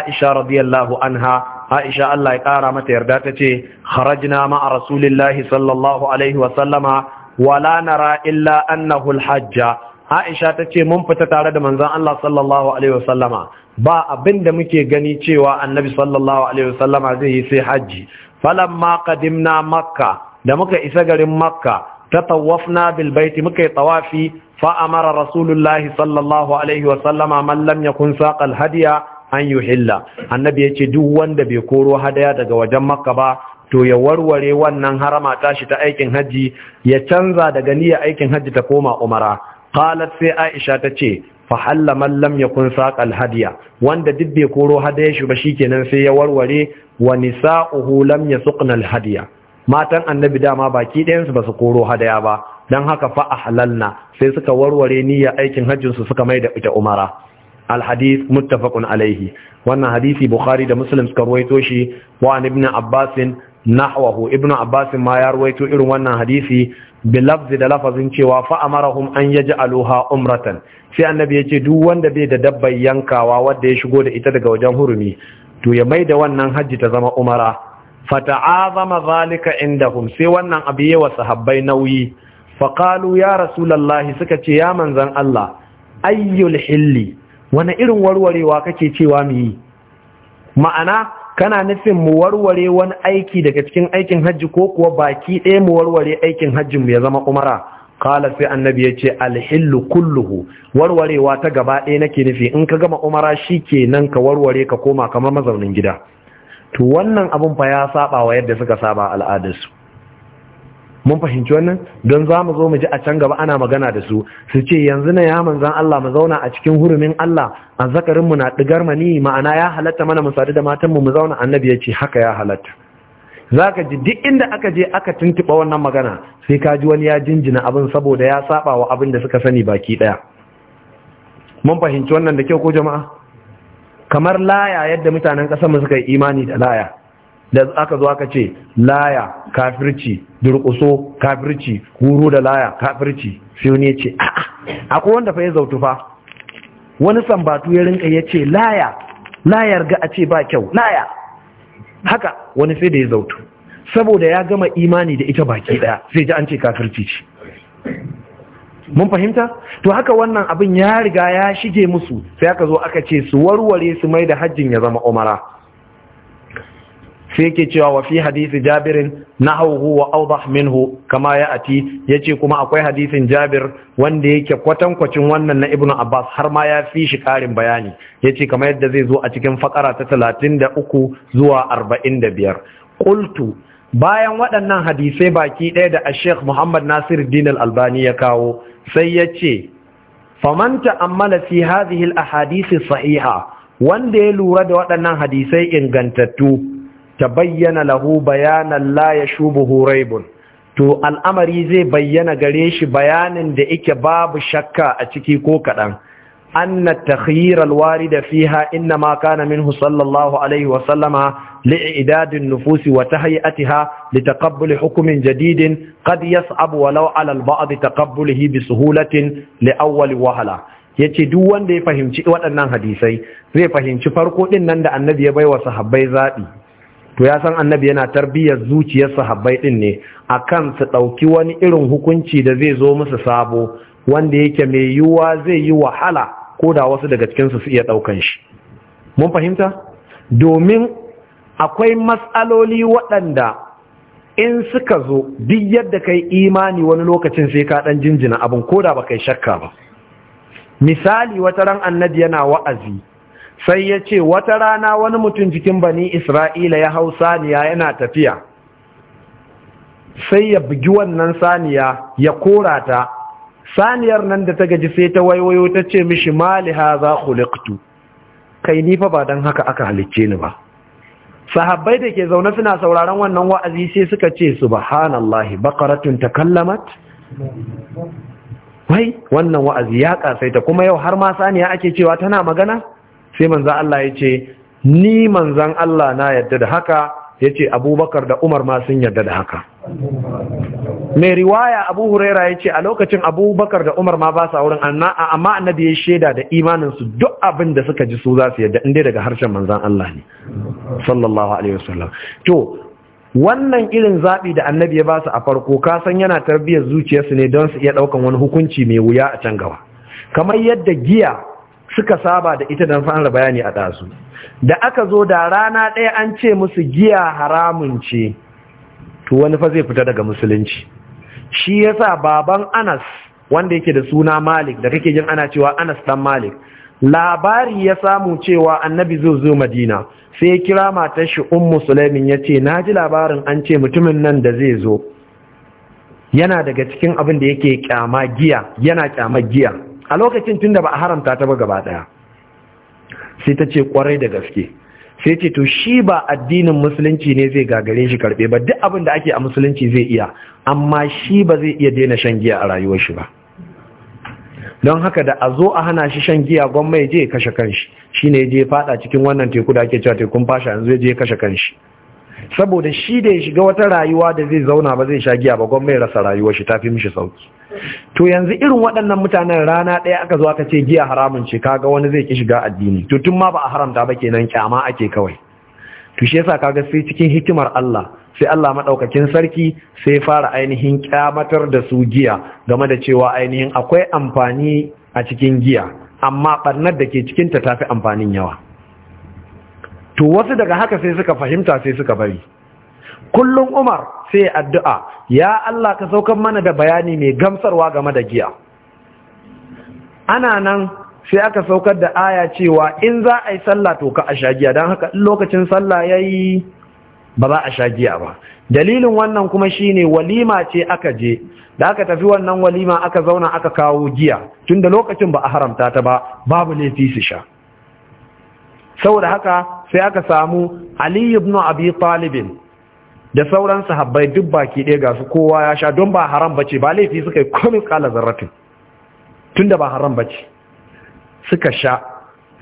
aisha radiyallahu anha aisha Allah ya kara mata yarda ta ce kharajna ma'a rasulillahi sallallahu alaihi wa sallama wa nara illa annahu alhajja aisha ta ce mun fita tare da manzon Allah sallallahu alaihi wa sallama ba abin da muke gani cewa annabi sallallahu alaihi wa sallama zai yi sai hajji falamma qadimna makka da muka isa garin makka tatawafna bil baiti muka yi tawafi fa amara rasulullahi sallallahu alaihi wa sallama man lam yakun saqal hadiya an yuhilla annabi yace duk wanda bai koro hadaya daga wajen makka ba to ya warware wannan harama tashi ta aikin haji ya canza daga niyyar aikin haji ta koma umara qalat sai aisha ce fa halla man lam yakun saqal hadiya wanda duk bai koro hadaya shi ba shikenan sai ya warware wa nisa'uhu lam yasuqna al-hadiya matan annabi dama baki ɗayan su basu koro hadaya ba dan haka fa ahlalna sai suka warware niyya aikin hajjin su suka mai da ita umara al-hadith muttafaqun alayhi wannan hadisi bukhari da muslim suka ruwaito shi wa ibn abbas nahwahu ibn abbas ma ya ruwaito irin wannan hadisi bilafzi da lafazin cewa fa amarahum an yaj'aluha umratan sai annabi ya ce duk wanda bai da dabbar yankawa wanda ya shigo da ita daga wajen hurumi to ya mai da wannan hajji ta zama umara fata'azama zalika indahum sai wannan abu yawa sahabbai nauyi Faƙalu ya rasulullahi suka ce ya manzan Allah ayyul hilli wani irin warwarewa kake cewa mu yi ma'ana kana nufin mu warware wani aiki daga cikin aikin hajji ko kuwa baki ɗaya mu warware aikin hajjin mu ya zama umara kala sai annabi ce alhillu kulluhu warwarewa ta gaba ɗaya nake nufi in ka gama umara shi ke nan ka warware ka koma kamar mazaunin gida to wannan abun fa ya saba wa yadda suka saba al'adarsu mun fahimci wannan don za mu zo mu ji a can gaba ana magana da su su ce yanzu na ya manzan Allah mu zauna a cikin hurumin Allah a zakarin mu na digar mani ma'ana ya halatta mana mu sadu da matanmu mu mu zauna annabi ya ce haka ya halatta za ka ji duk inda aka je aka tuntuɓa wannan magana sai ka ji wani ya jinjina abin saboda ya saba wa abin da suka sani baki ɗaya mun fahimci wannan da kyau ko jama'a kamar laya yadda mutanen ƙasar mu suka yi imani da laya da aka zo aka ce laya kafirci durƙuso kafirci huru da laya kafirci sai wani ya ce a'a akwai wanda fa ya zautu fa wani sambatu ya rinka ya ce laya layar ga a ce ba kyau laya haka wani sai da ya zautu saboda ya gama imani da ita baki daya sai ji an ce kafirci ce mun fahimta to haka wannan abin ya riga ya shige musu sai aka zo aka ce su warware su mai da hajjin ya zama umara sai ke cewa wa fi hadisi jabirin na Hauhu wa awdah minhu kama ya ati yace kuma akwai hadisin jabir wanda yake kwatankwacin wannan na ibnu abbas har ma ya fi shi karin bayani yace kamar yadda zai zo a cikin fakara ta 33 zuwa 45 Kultu, bayan waɗannan hadisai baki ɗaya da ashek Muhammad Nasir Din albani ya kawo sai ya ce faman ta'ammala fi hadhihi al-ahadith sahiha wanda ya lura da waɗannan hadisai ingantattu bayyana lahu bayanan la yashubuhu raibun to al'amari zai bayyana gare shi bayanin da yake babu shakka a ciki ko kaɗan anna takhyir da fiha inna ma kana minhu sallallahu alaihi wa sallama li'idad an wa tahyatiha li taqabbul hukumin jadid qad yas'ab walau 'ala al taqabbulihi bi suhulatin li awwal wahala yace duk wanda ya fahimci waɗannan hadisai zai fahimci farko din nan da annabi ya baiwa sahabbai zabi to ya san annabi yana tarbiyyar zuciyar sahabbai din ne akan su ɗauki wani irin hukunci da zai zo musu sabo wanda yake mai yiwuwa zai yi wahala ko da wasu daga cikinsu su iya ɗaukan shi mun fahimta domin akwai matsaloli waɗanda in suka zo duk yadda kai imani wani lokacin sai ka ɗan jinjina abin ko da ba kai shakka ba misali wata ran annabi yana wa'azi sai ya ce wata rana wani mutum cikin bani isra'ila ya hau saniya yana tafiya sai ya bugi wannan saniya ya kora ta saniyar nan da ta gaji sai ta waiwayo ta ce mishi mali za khuliqtu kai nifa ba don haka aka halicce ni ba sahabbai da ke zaune suna sauraron wannan wa'azi sai suka ce su subhanallahi ta kallamat. wai wannan wa'azi ya kasaita kuma yau har ma saniya ake cewa tana magana sai manzan Allah ya ce ni manzan Allah na yadda da haka ya ce abubakar da umar ma sun yadda da haka mai riwaya abu huraira ya ce a lokacin abubakar da umar ma ba sa wurin amma annabi ya shaida da imaninsu duk abin da suka ji su za su yadda inda daga harshen manzan Allah ne sallallahu alaihi wasallam to wannan irin zaɓi da annabi ya ba su a farko kasan yana tarbiyyar zuciyarsu ne don su iya ɗaukan wani hukunci mai wuya a can gaba kamar yadda giya suka saba da ita don fara bayani a ɗazu da aka zo da rana ɗaya an ce musu giya haramun ce to wani fa zai fita daga musulunci shi yasa baban anas wanda yake da suna malik da kake jin ana cewa anas dan malik labari ya samu cewa annabi zai zo madina sai ya kira matar shi ummu musulamin ya ce na ji labarin an ce mutumin nan da zai zo yana daga cikin abin da yake kyama giya yana kyama giya a lokacin tunda ba a haramta ta ba gaba daya sai ta ce kwarai da gaske sai ce to shi ba addinin musulunci ne zai gagare shi karbe ba duk abin da ake a musulunci zai iya amma shi ba zai iya daina shan giya a rayuwar shi ba don haka da a zo a hana shi shan giya gwamma ya je ya kashe kanshi shi ne je fada cikin wannan teku da ake cewa tekun fasha yanzu ya je ya kashe kanshi saboda shi da ya shiga wata rayuwa da zai zauna ba zai sha giya ba gwamma ya rasa rayuwar shi ta fi mishi sauki to yanzu irin waɗannan mutanen rana ɗaya aka zo aka ce giya haramun ce kaga wani zai ki shiga addini to tun ma ba a haramta ba kenan kyama ake kawai to shi yasa kaga sai cikin hikimar Allah sai Allah madaukakin sarki sai fara ainihin kyamatar da su giya game da cewa ainihin akwai amfani a cikin giya amma barnar da ke cikin ta tafi amfanin yawa to wasu daga haka sai suka fahimta sai suka bari kullum umar sai addu'a ya Allah ka saukan mana da bayani mai gamsarwa game da giya ana nan sai aka saukar da aya cewa in za a yi sallah to ka a sha giya don haka lokacin sallah ya yi ba za a sha giya ba dalilin wannan kuma shine walima ce aka je da aka tafi wannan walima aka zauna aka kawo giya tunda lokacin ba a haramta ta ba babu laifi su sha saboda haka sai aka samu Aliyu ibn Abi talibin da sauran sahabbai duk baki ɗaya ga su kowa ya sha don ba haram bace ba laifi suka yi komai kala zarratin tunda ba haram bace suka sha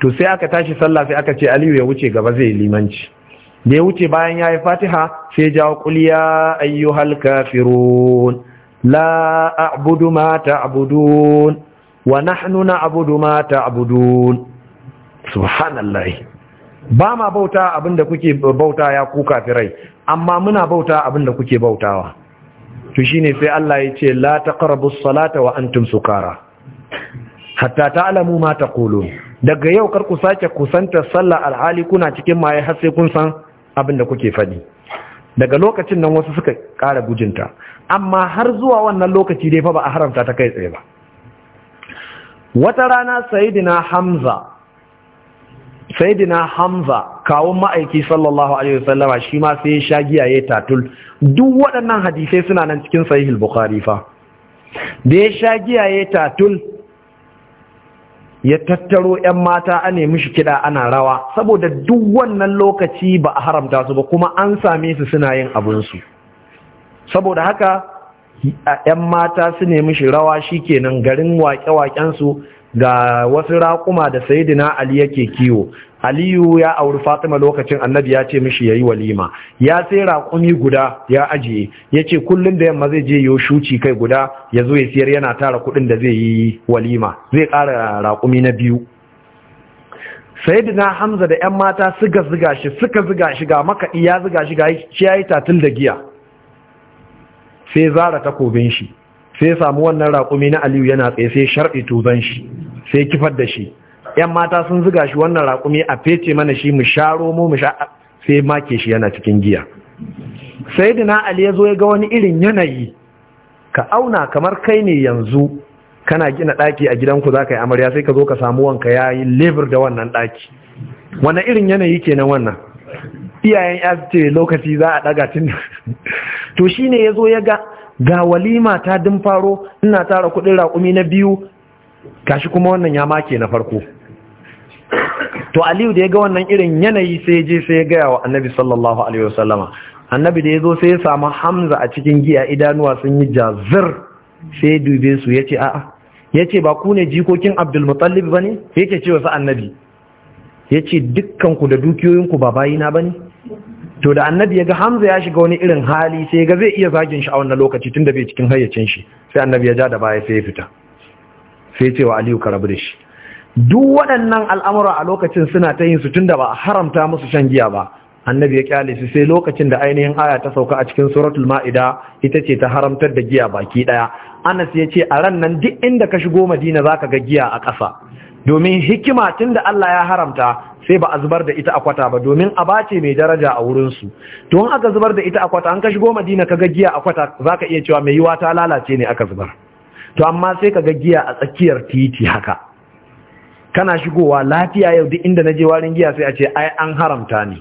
to sai aka tashi sallah sai aka ce aliyu ya wuce gaba zai limanci da ya wuce bayan ya yi fatiha sai ya jawo kuliya ayyuhal kafirun la a'budu ma ta'budun wa nahnu na'budu ma ta'budun subhanallahi ba ma bauta abinda kuke bauta ya ku kafirai amma muna bauta abin da kuke bautawa to shine sai Allah ya ce la taqrabus salata wa antum sukara hatta alamu ma taqulun daga yau kar ku sake kusantar sallah alhali kuna cikin maye har sai kun san abin da kuke faɗi daga lokacin nan wasu suka ƙara gujinta amma har zuwa wannan lokaci dai fa ba a haramta ta kai tsaye ba wata rana sayidina hamza saidina hamza kawun ma'aiki sallallahu alaihi wasallama shi ma sai sha giya ya tatul duk waɗannan hadisai suna nan cikin sahihul bukhari fa da ya sha giya ya tatul ya tattaro 'yan mata a nemi shi kiɗa ana rawa saboda duk wannan lokaci ba a haramta su ba kuma an same su suna yin su. saboda haka 'yan mata su nemi shi rawa shi kenan garin waƙe waƙen su. ga wasu raƙuma da sayidina ali yake kiwo aliyu ya auri fatima lokacin annabi ya ce mishi yayi walima ya sai raƙumi guda ya ajiye ya ce kullum da yamma zai je yo shuci kai guda ya zo ya siyar yana tara kuɗin da zai yi walima zai ƙara raƙumi na biyu sayidina hamza da 'yan mata suka ziga shi suka ziga shi ga makadi ya ziga shi ga shi ya yi tatil da giya sai zara takobin shi sai samu wannan raƙumi na aliyu yana tsaye sai sharɗi tuzon shi sai kifar da shi yan mata sun ziga shi wannan raƙumi a fece mana shi mu sha mu mu sha sai make shi yana cikin giya sai dina ali ya zo ya ga wani irin yanayi ka auna kamar kai ne yanzu kana gina ɗaki a gidanku za ka yi amarya sai ka zo ka samu wanka ya yi lebur da wannan ɗaki wani irin yanayi kenan wannan iyayen ya ce lokaci za a ɗaga tun to shi ne ya zo ya ga ga walima ta din faro ina tara kudin raƙumi na biyu Kashi kuma wannan ya make na farko to aliyu da ya ga wannan irin yanayi sai ya je sai ya gaya wa annabi sallallahu alaihi wasallama annabi da ya zo sai ya samu hamza a cikin giya idanuwa sun yi jazir sai ya dube su ya ce a'a ya ce ba ku ne jikokin abdulmutallib ba ne yake ce wasu annabi ya ce dukkanku da dukiyoyinku ba bayina ba ne to da annabi ya ga hamza ya shiga wani irin hali sai ga zai iya zagin shi a wannan lokaci tun da bai cikin hayyacin shi sai annabi ya ja da baya sai ya fita sai ce wa aliyu ka rabu da shi duk waɗannan al'amura a lokacin suna ta yin su tun da ba a haramta musu shan giya ba annabi ya kyale su sai lokacin da ainihin aya ta sauka a cikin suratul ma'ida ita ce ta haramtar da giya baki ɗaya anas ya ce a ran nan duk inda ka shigo madina zaka ga giya a ƙasa domin hikima tun da Allah ya haramta sai ba a zubar da ita akwata ba domin a bace mai daraja a wurinsu to in aka zubar da ita akwata an ka shigo madina ka giya akwata za ka iya cewa mai yiwa ta lalace ne aka zubar to amma sai ka giya a tsakiyar titi haka kana shigowa lafiya yau duk inda na je warin giya sai a ce ai an haramta ne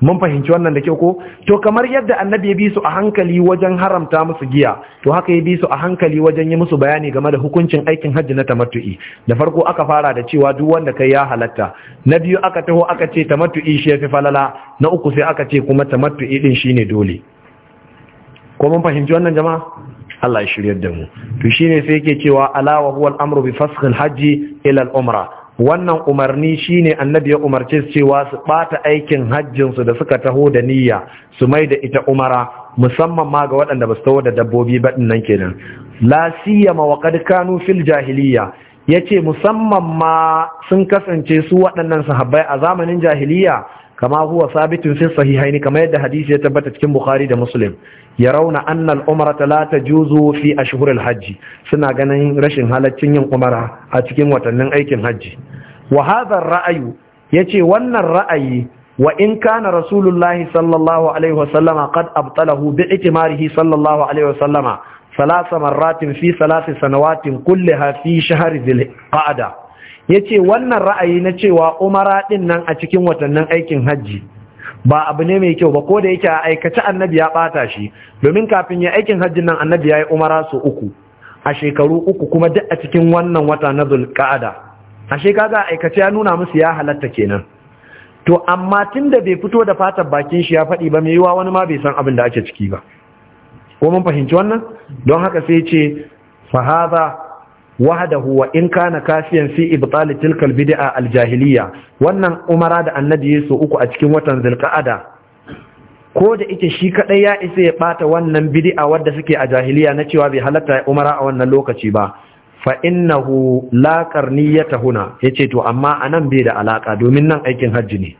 mun fahimci wannan da kyau ko to kamar yadda annabi ya bi su a hankali wajen haramta musu giya to haka ya bi su a hankali wajen yi musu bayani game da hukuncin aikin hajji na tamattu'i da farko aka fara da cewa duk wanda kai ya halatta na biyu aka taho aka ce tamattu'i shi yafi falala na uku sai aka ce kuma tamattu'i din shine dole ko mun fahimci wannan jama'a Allah ya shiryar da mu to shine sai yake cewa ala wa huwa al-amru bi fasl al-hajji ila al-umra wannan umarni shine annabi ya umarce su cewa su bata aikin hajjinsu da suka taho da niyya su mai da ita umara musamman ma ga waɗanda ba su taho da dabbobi ba nan kenan la siyama wa qad kanu fil jahiliya yace musamman ma sun kasance su waɗannan sahabbai a zamanin jahiliya kama huwa sabitun fi sahihaini kamar yadda hadisi ya tabbata cikin bukhari da muslim ya rauna annal umrata la tajuzu fi ashhuril hajji suna ganin rashin halaccin yin umara a cikin watannin aikin hajji wa hadha ra'ayu yace wannan ra'ayi wa in kana rasulullahi sallallahu alaihi wasallama qad abtalahu bi itmarihi sallallahu alaihi wasallama ثلاث مرات في ثلاث سنوات كلها في شهر yace wannan ra'ayi na cewa umara din nan a cikin watannin aikin hajji ba abu ne mai kyau ba ko da yake a aikace annabi ya bata shi domin kafin ya aikin hajjin nan annabi ya yi umara su uku a shekaru uku kuma duk a cikin wannan wata na zulka'ada a shekara aikace ya nuna musu ya halatta kenan to amma tun da bai fito da fatar bakin shi ya faɗi ba mai yiwa wani ma bai san abin da ake ciki ba ko mun fahimci wannan don haka sai ce fahaza wahdahu wa in kana kafiyan fi ibtal tilka al bid'a a jahiliya wannan umara da annabi yesu uku a cikin watan zulqa'ada ko da ita shi kadai ya isa ya bata wannan bid'a wadda suke a jahiliya na cewa bai halatta umara a wannan lokaci ba fa innahu la qarniyata huna yace to amma anan bai da alaka domin nan aikin hajji ne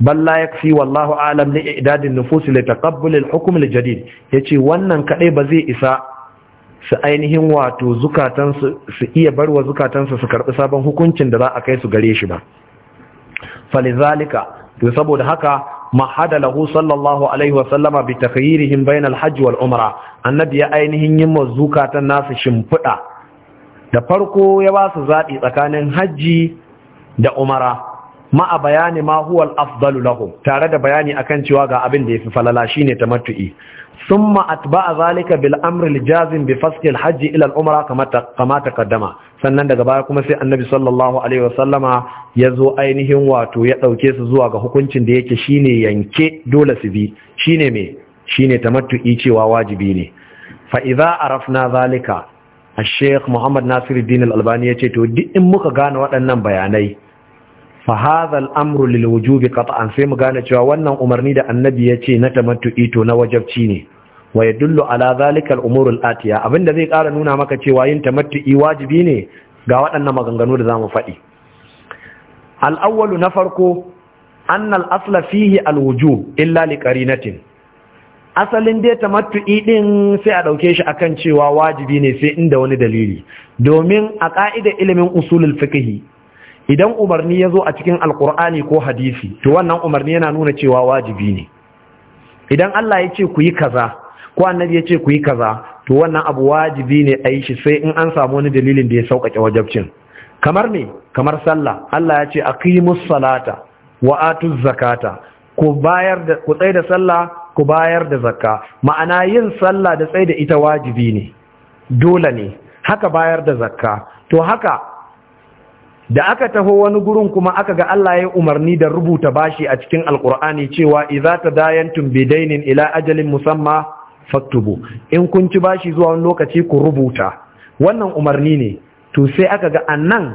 bal la yakfi wallahu alam li i'dadin nufus li taqabbul al hukm al jadid yace wannan kadai ba zai isa su ainihin wato zukatansu su iya barwa zukatansu su karbi sabon hukuncin da za a kai su gare shi ba falizalika to saboda haka mahada lahu sallallahu alaihi wasallama bi takhyirihim bainal hajj wal umra annabi ya ainihin yin zukatan nasu shimfida da farko ya ba su zabi tsakanin haji da umara ma'a bayani ma huwal afdalu lahum tare da bayani akan cewa ga abin da yafi falala shine tamattu'i thumma atba'a zalika bil amri al jazim bi fasl al hajj ila al umra kama kama taqaddama sannan daga baya kuma sai annabi sallallahu alaihi wasallama yazo ainihin wato ya dauke su zuwa ga hukuncin da yake shine yanke dole su bi shine me shine tamattu'i cewa wajibi ne fa idza arafna zalika al-sheikh Muhammad Nasiruddin Al-Albani yace to duk in muka gane waɗannan bayanai Fahadhal amru lil wujubi qat'an sai mu gane cewa wannan umarni da annabi ya ce na tamatu'i to na wajabci ne wa yadullu ala zalika al-umur al-atiya abinda zai kara nuna maka cewa yin tamatu'i wajibi ne ga waɗannan maganganu da zamu faɗi al awwal na farko annal asla fihi al-wujub illa li qarinatin asalin dai tamattu'i din sai a dauke shi akan cewa wajibi ne sai inda wani dalili domin a ka'ida ilimin usulul fiqh idan umarni ya zo a cikin alkur'ani ko hadisi to wannan umarni yana nuna cewa wajibi ne idan Allah ya ce ku yi kaza ko annabi ya ce ku yi kaza to wannan abu wajibi ne a yi shi sai in an samu wani dalilin da ya sauƙaƙe wajabcin kamar ne kamar sallah Allah ya ce aqimus salata wa atuz zakata ku bayar da ku tsaya da sallah ku bayar da zakka ma'ana yin sallah da tsaya da ita wajibi ne dole ne haka bayar da zakka to haka da aka taho wani gurin kuma aka ga Allah ya umarni da rubuta bashi a cikin alkur'ani cewa idza tadayantum bidainin ila ajalin musamma faktubu in kun ci bashi zuwa wani lokaci ku rubuta wannan umarni ne to sai aka ga annan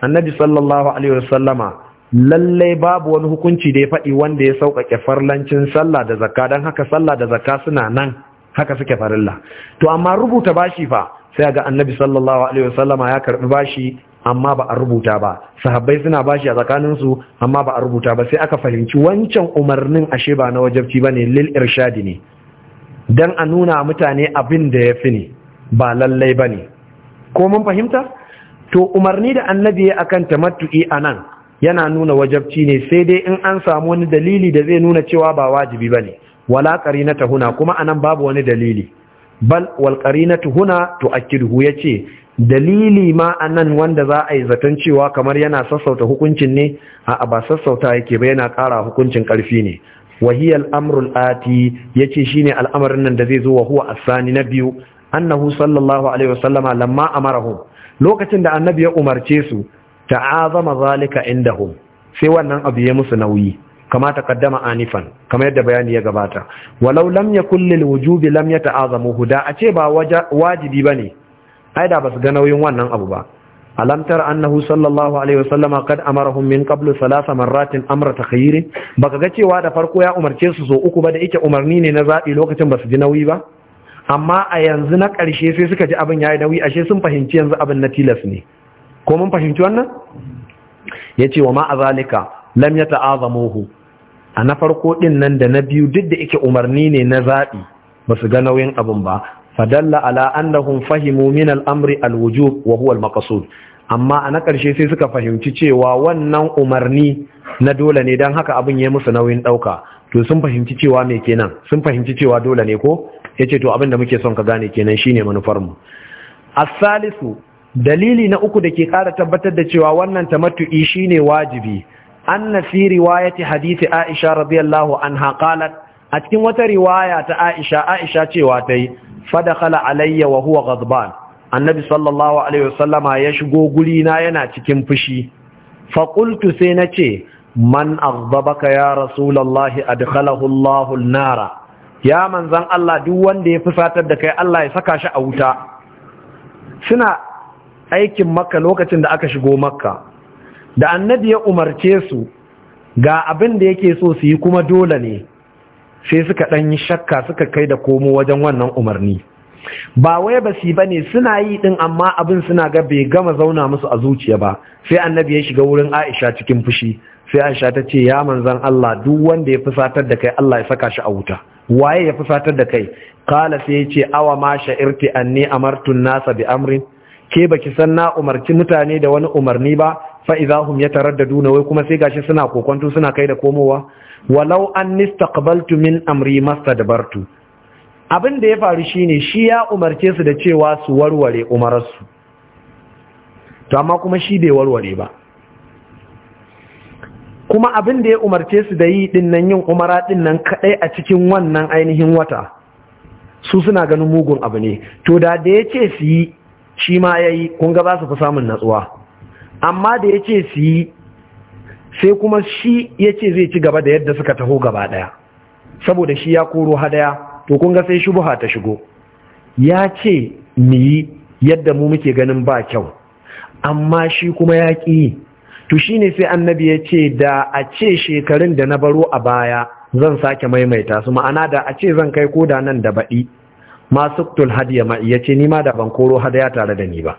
annabi sallallahu alaihi wasallama lallai babu wani hukunci da ya faɗi wanda ya sauƙaƙe farlancin sallah da zakka don haka sallah da zakka suna nan haka suke farilla to amma rubuta bashi fa sai ga annabi sallallahu alaihi wasallama ya karbi bashi amma ba a rubuta ba sahabbai suna bashi a tsakaninsu amma ba a rubuta ba sai aka fahimci wancan umarnin ashe ba na wajabci ba ne lil irshadi ne don a nuna mutane abin da ya fi ne ba lallai ba ne ko mun fahimta to umarni da annabi ya akan tamattu'i a nan yana nuna wajabci ne sai dai in an samu wani dalili da zai nuna cewa ba wajibi ba ne wala karina tahuna kuma anan babu wani dalili bal wal qarinatu huna ya ce. dalili ma a nan wanda za a yi zaton cewa kamar yana sassauta hukuncin ne a ba sassauta yake ba yana ƙara hukuncin ƙarfi ne wahiyar amrul ati ya ce shi ne al'amarin nan da zai zo wa huwa asani na biyu annahu sallallahu alaihi wasallama lamma amarahum lokacin da annabi ya umarce su ta'azama zalika indahum sai wannan abu ya musu nauyi kama taqaddama anifan kama yadda bayani ya gabata walau lam yakul lil wujubi lam yata'azamu huda a ce ba wajibi bane ai da basu ga nauyin wannan abu ba alam tara annahu sallallahu alaihi wasallam qad amarahum min qablu thalatha marratin amra takhayyir baka ga cewa da farko ya umarce su so uku ba da yake umarni ne na zabi lokacin basu ji nauyi ba amma a yanzu na ƙarshe sai suka ji abin yayi nauyi ashe sun fahimci yanzu abin na tilas ne ko mun fahimci wannan yace wa ma azalika lam yata'azamuhu a na farko din nan da na biyu duk da yake umarni ne na zabi ba su ga nauyin abin ba fadalla ala annahum fahimu min al-amri al-wujub wa huwa al-maqsud amma a na ƙarshe sai suka fahimci cewa wannan umarni na dole ne don haka abin ya musu nauyin ɗauka to sun fahimci cewa me kenan sun fahimci cewa dole ne ko yace to abin da muke son ka gane kenan shine manufarmu asalisu dalili na uku da ke ƙara tabbatar da cewa wannan tamattu'i shine wajibi an na fi riwayati hadisi aisha radiyallahu anha qalat a cikin wata riwaya ta aisha aisha cewa ta yi fadakhala alayya wa huwa ghadban annabi sallallahu alaihi wasallama ya shigo guri na yana cikin fushi fa qultu sai nace man aghdabaka ya rasulullahi adkhalahu Allahu an-nara ya manzan Allah duk wanda ya fusatar da kai Allah ya saka shi a wuta suna aikin makka lokacin da aka shigo makka da annabi ya umarce su ga abin da yake so su yi kuma dole ne sai suka ɗan yi shakka suka kai da komo wajen wannan umarni ba wai ba su bane suna yi din amma abin suna ga bai gama zauna musu a zuciya ba sai annabi ya shiga wurin Aisha cikin fushi sai Aisha ta ce ya manzan Allah duk wanda ya fusatar da kai Allah ya saka shi a wuta waye ya fusatar da kai kala sai ya ce awa ma sha'irti anni amartun nasa bi amrin ke baki san na umarci mutane da wani umarni ba faiza hum ya tarar duna wai kuma sai gashi suna kokonto suna kai da komowa walau an nistaqbaltu min amri masta da bartu abin da ya faru shine shi ya umarce su da cewa su warware umararsu to amma kuma shi bai warware ba kuma abin da ya umarce su da yi dinnan yin umara dinnan kadai a cikin wannan ainihin wata su suna ganin mugun abu ne to da da ya ce su yi shi ma ya yi kun ga ba su fi samun natsuwa amma da ya ce su yi sai kuma shi ya ce zai ci gaba da yadda suka taho gaba ɗaya saboda shi ya koro hadaya to kunga ga sai shubuha ta shigo ya ce mu yi yadda mu muke ganin ba kyau amma shi kuma ya ƙi to shi ne sai annabi ya ce da a ce shekarun da na baro a baya zan sake maimaita su ma'ana da a ce zan kai koda nan da baɗi masu tul hadiya ya ce nima da ban koro hadaya tare da ni ba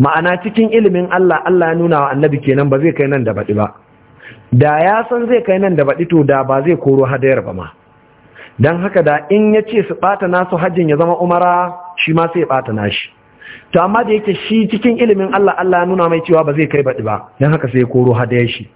ma'ana cikin ilimin Allah Allah ya nuna wa annabi kenan ba zai kai nan da baɗi ba da ya san zai kai nan da baɗi to da ba zai koro hadayar ba ma don haka da in ya ce su ɓata nasu hajjin ya zama umara shi ma sai ɓata nashi to amma da yake shi cikin ilimin Allah Allah ya nuna mai cewa ba zai kai baɗi ba don haka sai ya koro hadayar shi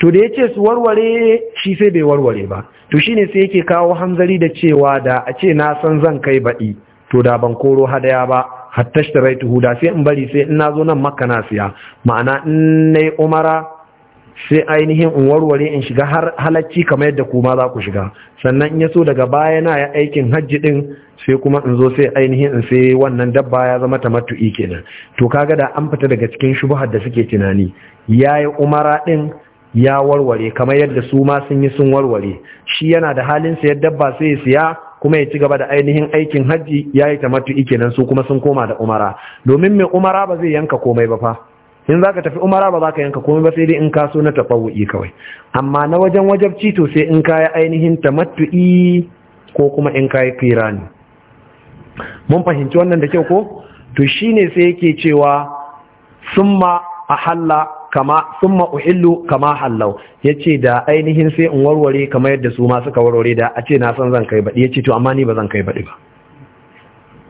to da ya ce su warware shi sai bai warware ba to shi ne sai yake kawo hanzari da cewa da a ce na san zan kai baɗi to da ban koro hadaya ba hatta tuhu da sai in bari sai ina zo nan makka na siya ma'ana in nayi umara sai ainihin in warware in shiga har halacci kamar yadda ma za ku shiga sannan in so daga baya na ya aikin hajji din sai kuma in zo sai ainihin in sai wannan dabba ya zama ta tamattu'i kenan to kaga da an fita daga cikin shubuhar da suke tunani yayi umara din ya warware kamar yadda su ma sun yi sun warware shi yana da halin sayar dabba sai ya siya kuma ya ci gaba da ainihin aikin hajji ya yi tamattu'i kenan su kuma sun koma da umara domin mai umara ba zai yanka komai ba fa in za ka tafi umara ba za ka yanka komai ba sai dai in ka so na tafawu'i kawai amma na wajen wajabci to sai in ka yi ainihin tamattu'i ko kuma in ka yi kirani mun fahimci wannan da kyau ko to shine sai yake cewa summa ahalla kama sun kama hallau ya ce da ainihin sai in warware kamar yadda su masu ka warware da a ce na san zan kai baɗi ya ce to amma ni ba zan kai baɗi ba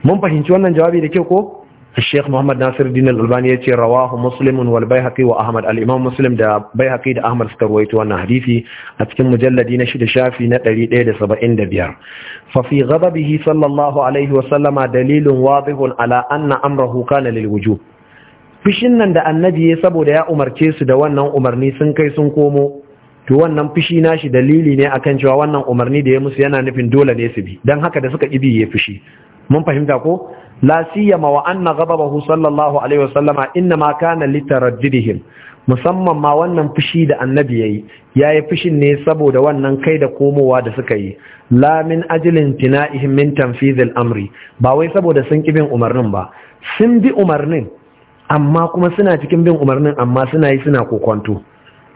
mun fahimci wannan jawabi da kyau ko sheikh muhammad Nasiru din albani ya ce rawahu muslimun wal bayhaqi wa ahmad al imam muslim da bayhaqi da ahmad suka ruwaito wannan hadisi a cikin mujalladi na shida shafi na ɗari 175 fa fi ghadabihi sallallahu alaihi wa sallama dalilin wadihun ala anna amrahu kana lil wujub fishin nan da annabi ya saboda ya umarce su da wannan umarni sun kai sun komo to wannan fishi nashi dalili ne akan cewa wannan umarni da ya musu yana nufin dole ne su bi dan haka da suka kibi ya fishi mun fahimta ko la siyama wa anna ghadabahu sallallahu alaihi wasallama inna ma kana litaraddidihim musamman ma wannan fushi da annabi yayi yayi fushin ne saboda wannan kai da komowa da suka yi la min ajlin tina'ihim min amri ba wai saboda sun kibin umarnin ba sun bi umarnin amma kuma suna cikin bin umarnin amma suna yi suna kokwanto,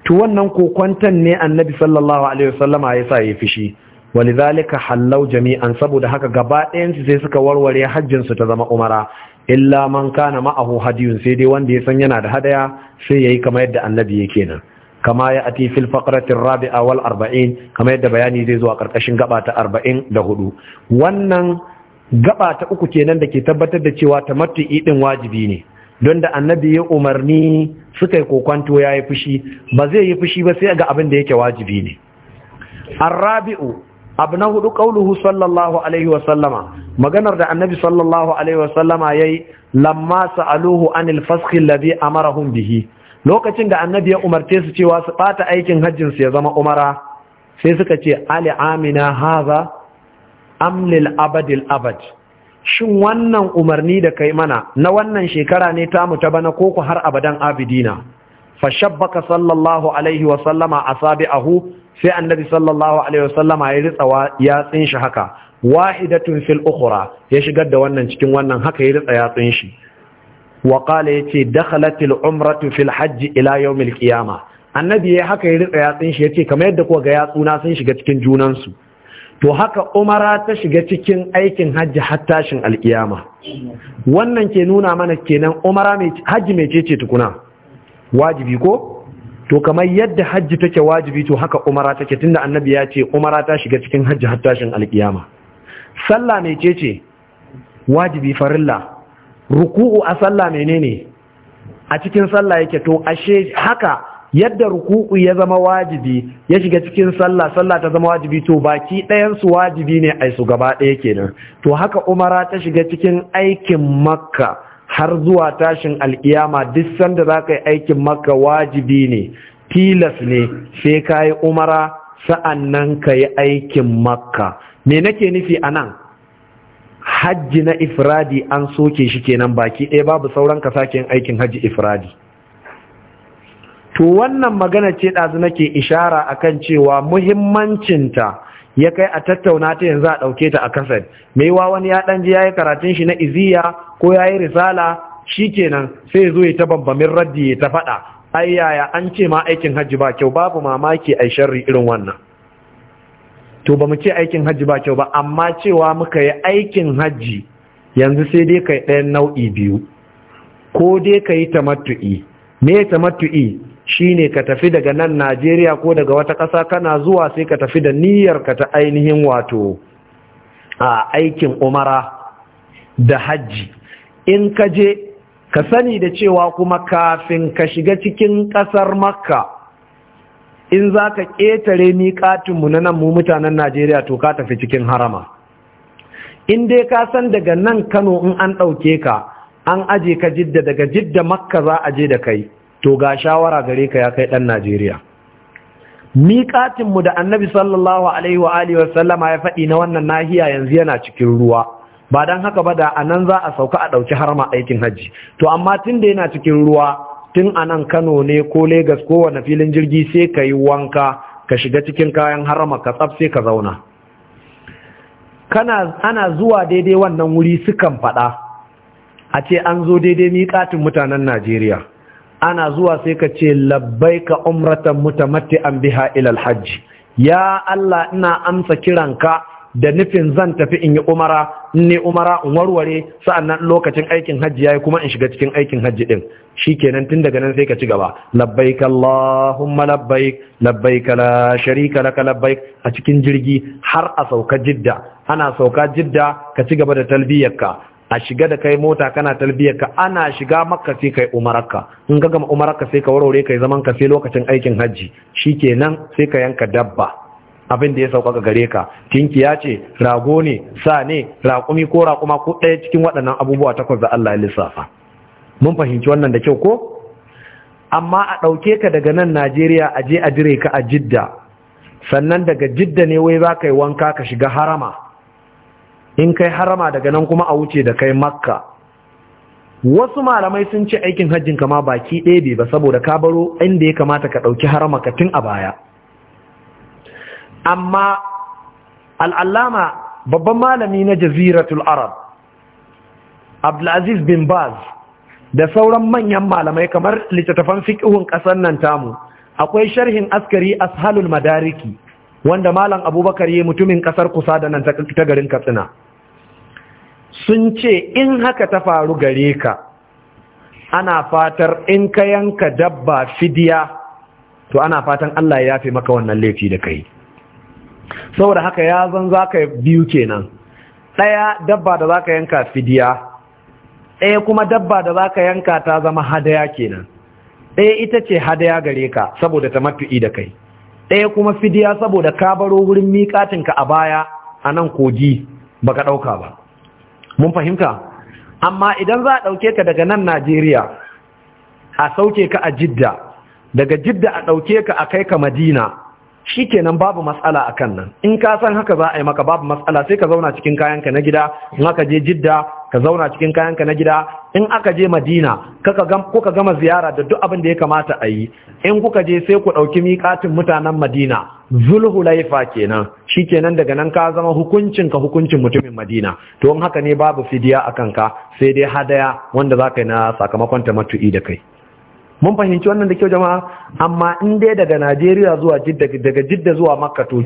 to wannan kokonton ne annabi sallallahu alaihi wasallama ya sa ya fishi walidhalika hallau jami'an saboda haka gaba ɗayan su sai suka warware hajjin su ta zama umara illa man kana ma'ahu hadiyun sai dai wanda ya san yana da hadaya sai yayi kamar yadda annabi yake nan kama ya ati fil faqratir rabi'a wal 40 kama yadda bayani zai zo a karkashin gaba ta da hudu. wannan gaba ta uku kenan da ke tabbatar da cewa tamattu'i din wajibi ne don da annabi ya umarni suka yi kokwanto ya yi fushi ba zai yi fushi ba sai ga abin da yake wajibi ne arrabi'u abu na hudu kauluhu sallallahu alaihi wasallama maganar da annabi sallallahu alaihi wasallama ya yi lamma sa'aluhu anil faskhi alladhi amarahum bihi lokacin da annabi ya umarce su cewa su bata aikin hajjin su ya zama umara sai suka ce ali amina haza amlil abadil abad shin wannan umarni da kai mana na wannan shekara ne tamu ta bana koko har abadan abidina fashabbaka sallallahu alaihi wa sallama asabi'ahu sai annabi sallallahu alaihi wa sallama ya ritsa yatsin shi haka wahidatun fil ukhra ya shigar da wannan cikin wannan haka ya ritsa yatsin shi wa qala yace dakhalatil umratu fil hajj ila yawmil qiyamah annabi ya haka ya ritsa yatsin shi yace kamar yadda kuka ga yatsuna sun shiga cikin junansu. su to haka umara ta shiga cikin aikin hajji har tashin alkiyama wannan ke nuna mana kenan umara mai hajji mai cece tukuna wajibi ko to kamar yadda hajji take wajibi to haka umara take tunda annabi ya ce umara ta shiga cikin hajji har tashin alkiyama sallah mai cece wajibi farilla ruku'u a sallah menene a cikin sallah yake to ashe haka yadda ruku'u ya zama wajibi ya shiga cikin sallah sallah ta zama wajibi to baki ɗayan su wajibi ne ai su gaba ɗaya kenan to haka umara ta shiga cikin aikin makka har zuwa tashin alkiyama duk sanda za ka yi aikin makka wajibi ne tilas ne sai ka yi umara sa'annan ka yi aikin makka me nake nufi a nan hajji na ifradi an soke shi kenan baki ɗaya babu sauran ka sake yin aikin hajji ifradi to wannan magana ce ɗazu nake ishara akan cewa muhimmancinta ya kai a tattauna ta yanzu a ɗauke ta a kasar mai wa wani ya ɗan ji ya yi karatun shi na iziya ko ya yi risala shi kenan sai zo ya ta bambamin raddi ya ta faɗa ai yaya an ce ma aikin hajji ba kyau babu mamaki a sharri irin wannan to ba mu ce aikin hajji ba kyau ba amma cewa muka yi aikin hajji yanzu sai dai kai ɗayan nau'i biyu ko dai ka yi tamattu'i me tamattu'i shine ka tafi daga nan Najeriya ko daga wata ƙasa kana zuwa sai ka tafi da niyyar ka ta ainihin wato a aikin umara da hajji in ka je ka sani da cewa kuma kafin ka shiga cikin ƙasar makka in za ka ƙetare miƙatinmu na nan mu mutanen najeriya to ka tafi cikin harama in dai ka san daga nan kano in an ɗauke ka an aje ka jidda daga jidda makka za a je da kai to ga shawara gare ka ya kai ɗan Najeriya. Miƙatinmu da annabi sallallahu Alaihi wa Alihi ya faɗi na wannan nahiya yanzu yana cikin ruwa, ba don haka ba da anan za a sauka a ɗauki harma aikin hajji. To amma tun da yana cikin ruwa, tun anan Kano ne ko Legas ko wani filin jirgi sai ka yi wanka, ka shiga cikin kayan harama ka tsaf sai ka zauna. Kana ana zuwa daidai wannan wuri sukan faɗa, a ce an zo daidai miƙatin mutanen Najeriya. ana zuwa sai ka ce labbai ka umratan an biha ilal hajji. ya Allah ina amsa kiranka da nufin zan tafi in yi umara in ne umara in warware sa'annan lokacin aikin hajji yayi kuma in shiga cikin aikin hajji din shikenan tun daga nan sai ka ci gaba labbaik allahumma labbaik labbaik la sharika laka labbaik a cikin jirgi har a sauka jidda ana sauka jidda ka ci gaba da talbiyarka a shiga da kai mota kana talbiyar ka ana shiga makka sai kai umararka in ka gama umararka sai ka warware kai zaman ka sai lokacin aikin hajji shikenan sai ka yanka dabba abin da ya sauƙaƙa gare ka ya ce rago ne sa ne raƙumi ko raƙuma ko ɗaya cikin waɗannan abubuwa takwas da Allah ya lissafa mun fahimci wannan da kyau ko amma a ɗauke ka daga nan Najeriya a je a jire ka a Jidda sannan daga Jidda ne wai za ka yi wanka ka shiga harama in kai harama daga nan kuma a wuce da kai makka wasu malamai sun ce aikin hajjin kama baki ɗaya bai ba saboda ka baro inda ya kamata ka ɗauki harama ka tun a baya amma al'allama babban malami na jaziratul arab abdulaziz bin baz da sauran manyan malamai kamar littattafan fiƙihun ƙasar nan tamu akwai sharhin askari ashalul madariki wanda malam abubakar ya mutumin ƙasar kusa da nan ta garin katsina sun ce in haka ta faru gare ka ana fatar in ka yanka dabba fidiya to ana fatan Allah ya yafe maka wannan laifi da kai saboda haka ya zan za ka biyu kenan ɗaya dabba da za ka yanka fidiya ɗaya kuma dabba da za ka yanka ta zama hadaya kenan ɗaya ita ce hadaya gare ka saboda ta matu'i da kai ɗaya kuma fidiya saboda ka baro wurin miƙatinka a baya a nan kogi ka ɗauka ba mun fahimta amma idan za a ɗauke ka daga nan najeriya a sauke ka a jidda daga jidda a ɗauke ka a kai ka madina shi kenan babu matsala a kan nan in ka san haka za a yi maka babu matsala sai ka zauna cikin kayanka na gida in aka je jidda ka zauna cikin kayanka na gida in aka je madina ko ka gama ziyara da duk abin da ya kamata a yi in kuka je sai ku ɗauki miƙatin mutanen madina Zulhu laifa kenan shi kenan daga nan ka zama hukuncin ka hukuncin mutumin madina to in haka ne babu fidiya a kanka sai dai hadaya wanda za ka yi na sakamakon ta matu'i da kai mun fahimci wannan da kyau jama'a amma in dai daga najeriya zuwa jidda daga jidda zuwa makka to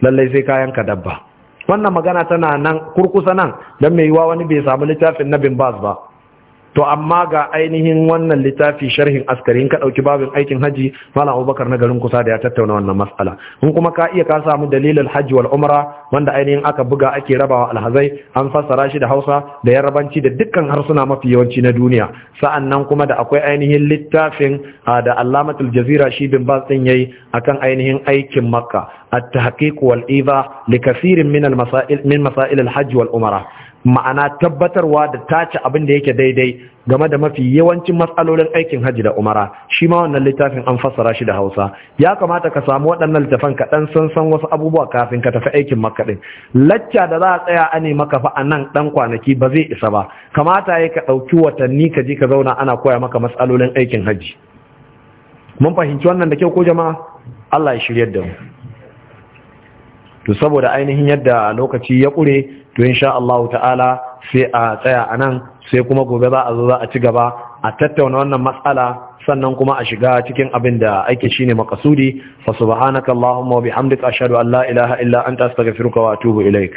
lallai sai kayan ka dabba wannan magana tana nan kurkusa nan don mai yiwa wani bai samu littafin nabin bin bas ba to amma ga ainihin wannan littafi sharhin askari in ka dauki babin aikin haji malam abubakar na garin kusa da ya tattauna wannan mas'ala in kuma ka iya ka samu dalilin hajji wal umra wanda ainihin aka buga ake rabawa alhazai an fassara shi da Hausa da Yarabanci da dukkan harsuna mafi yawanci na duniya sa'annan kuma da akwai ainihin littafin da Allamatul Jazira shi bin Baz din yayi akan ainihin aikin Makka at-tahqiq wal idha li kaseerin min al-masail min masail al-hajj wal umra ma'ana tabbatarwa da tace abin da yake daidai game da mafi yawancin matsalolin aikin hajji da umara shi ma wannan littafin an fassara shi da hausa ya kamata ka samu waɗannan littafan ka ɗan san san wasu abubuwa kafin ka tafi aikin makaɗin. lacca da za a tsaya a ne maka fa a nan ɗan kwanaki ba zai isa ba kamata ya ka ɗauki watanni ka je ka zauna ana koya maka matsalolin aikin hajji mun fahimci wannan da kyau ko jama'a Allah ya shiryar da mu to saboda ainihin yadda lokaci ya ƙure to insha Allah ta'ala sai a tsaya a nan sai kuma gobe za a zo za a ci gaba a tattauna wannan matsala sannan kuma a shiga cikin abin da ake shine makasudi fa subhanaka allahumma wa bihamdika ashhadu an la ilaha illa anta astaghfiruka wa atubu ilaik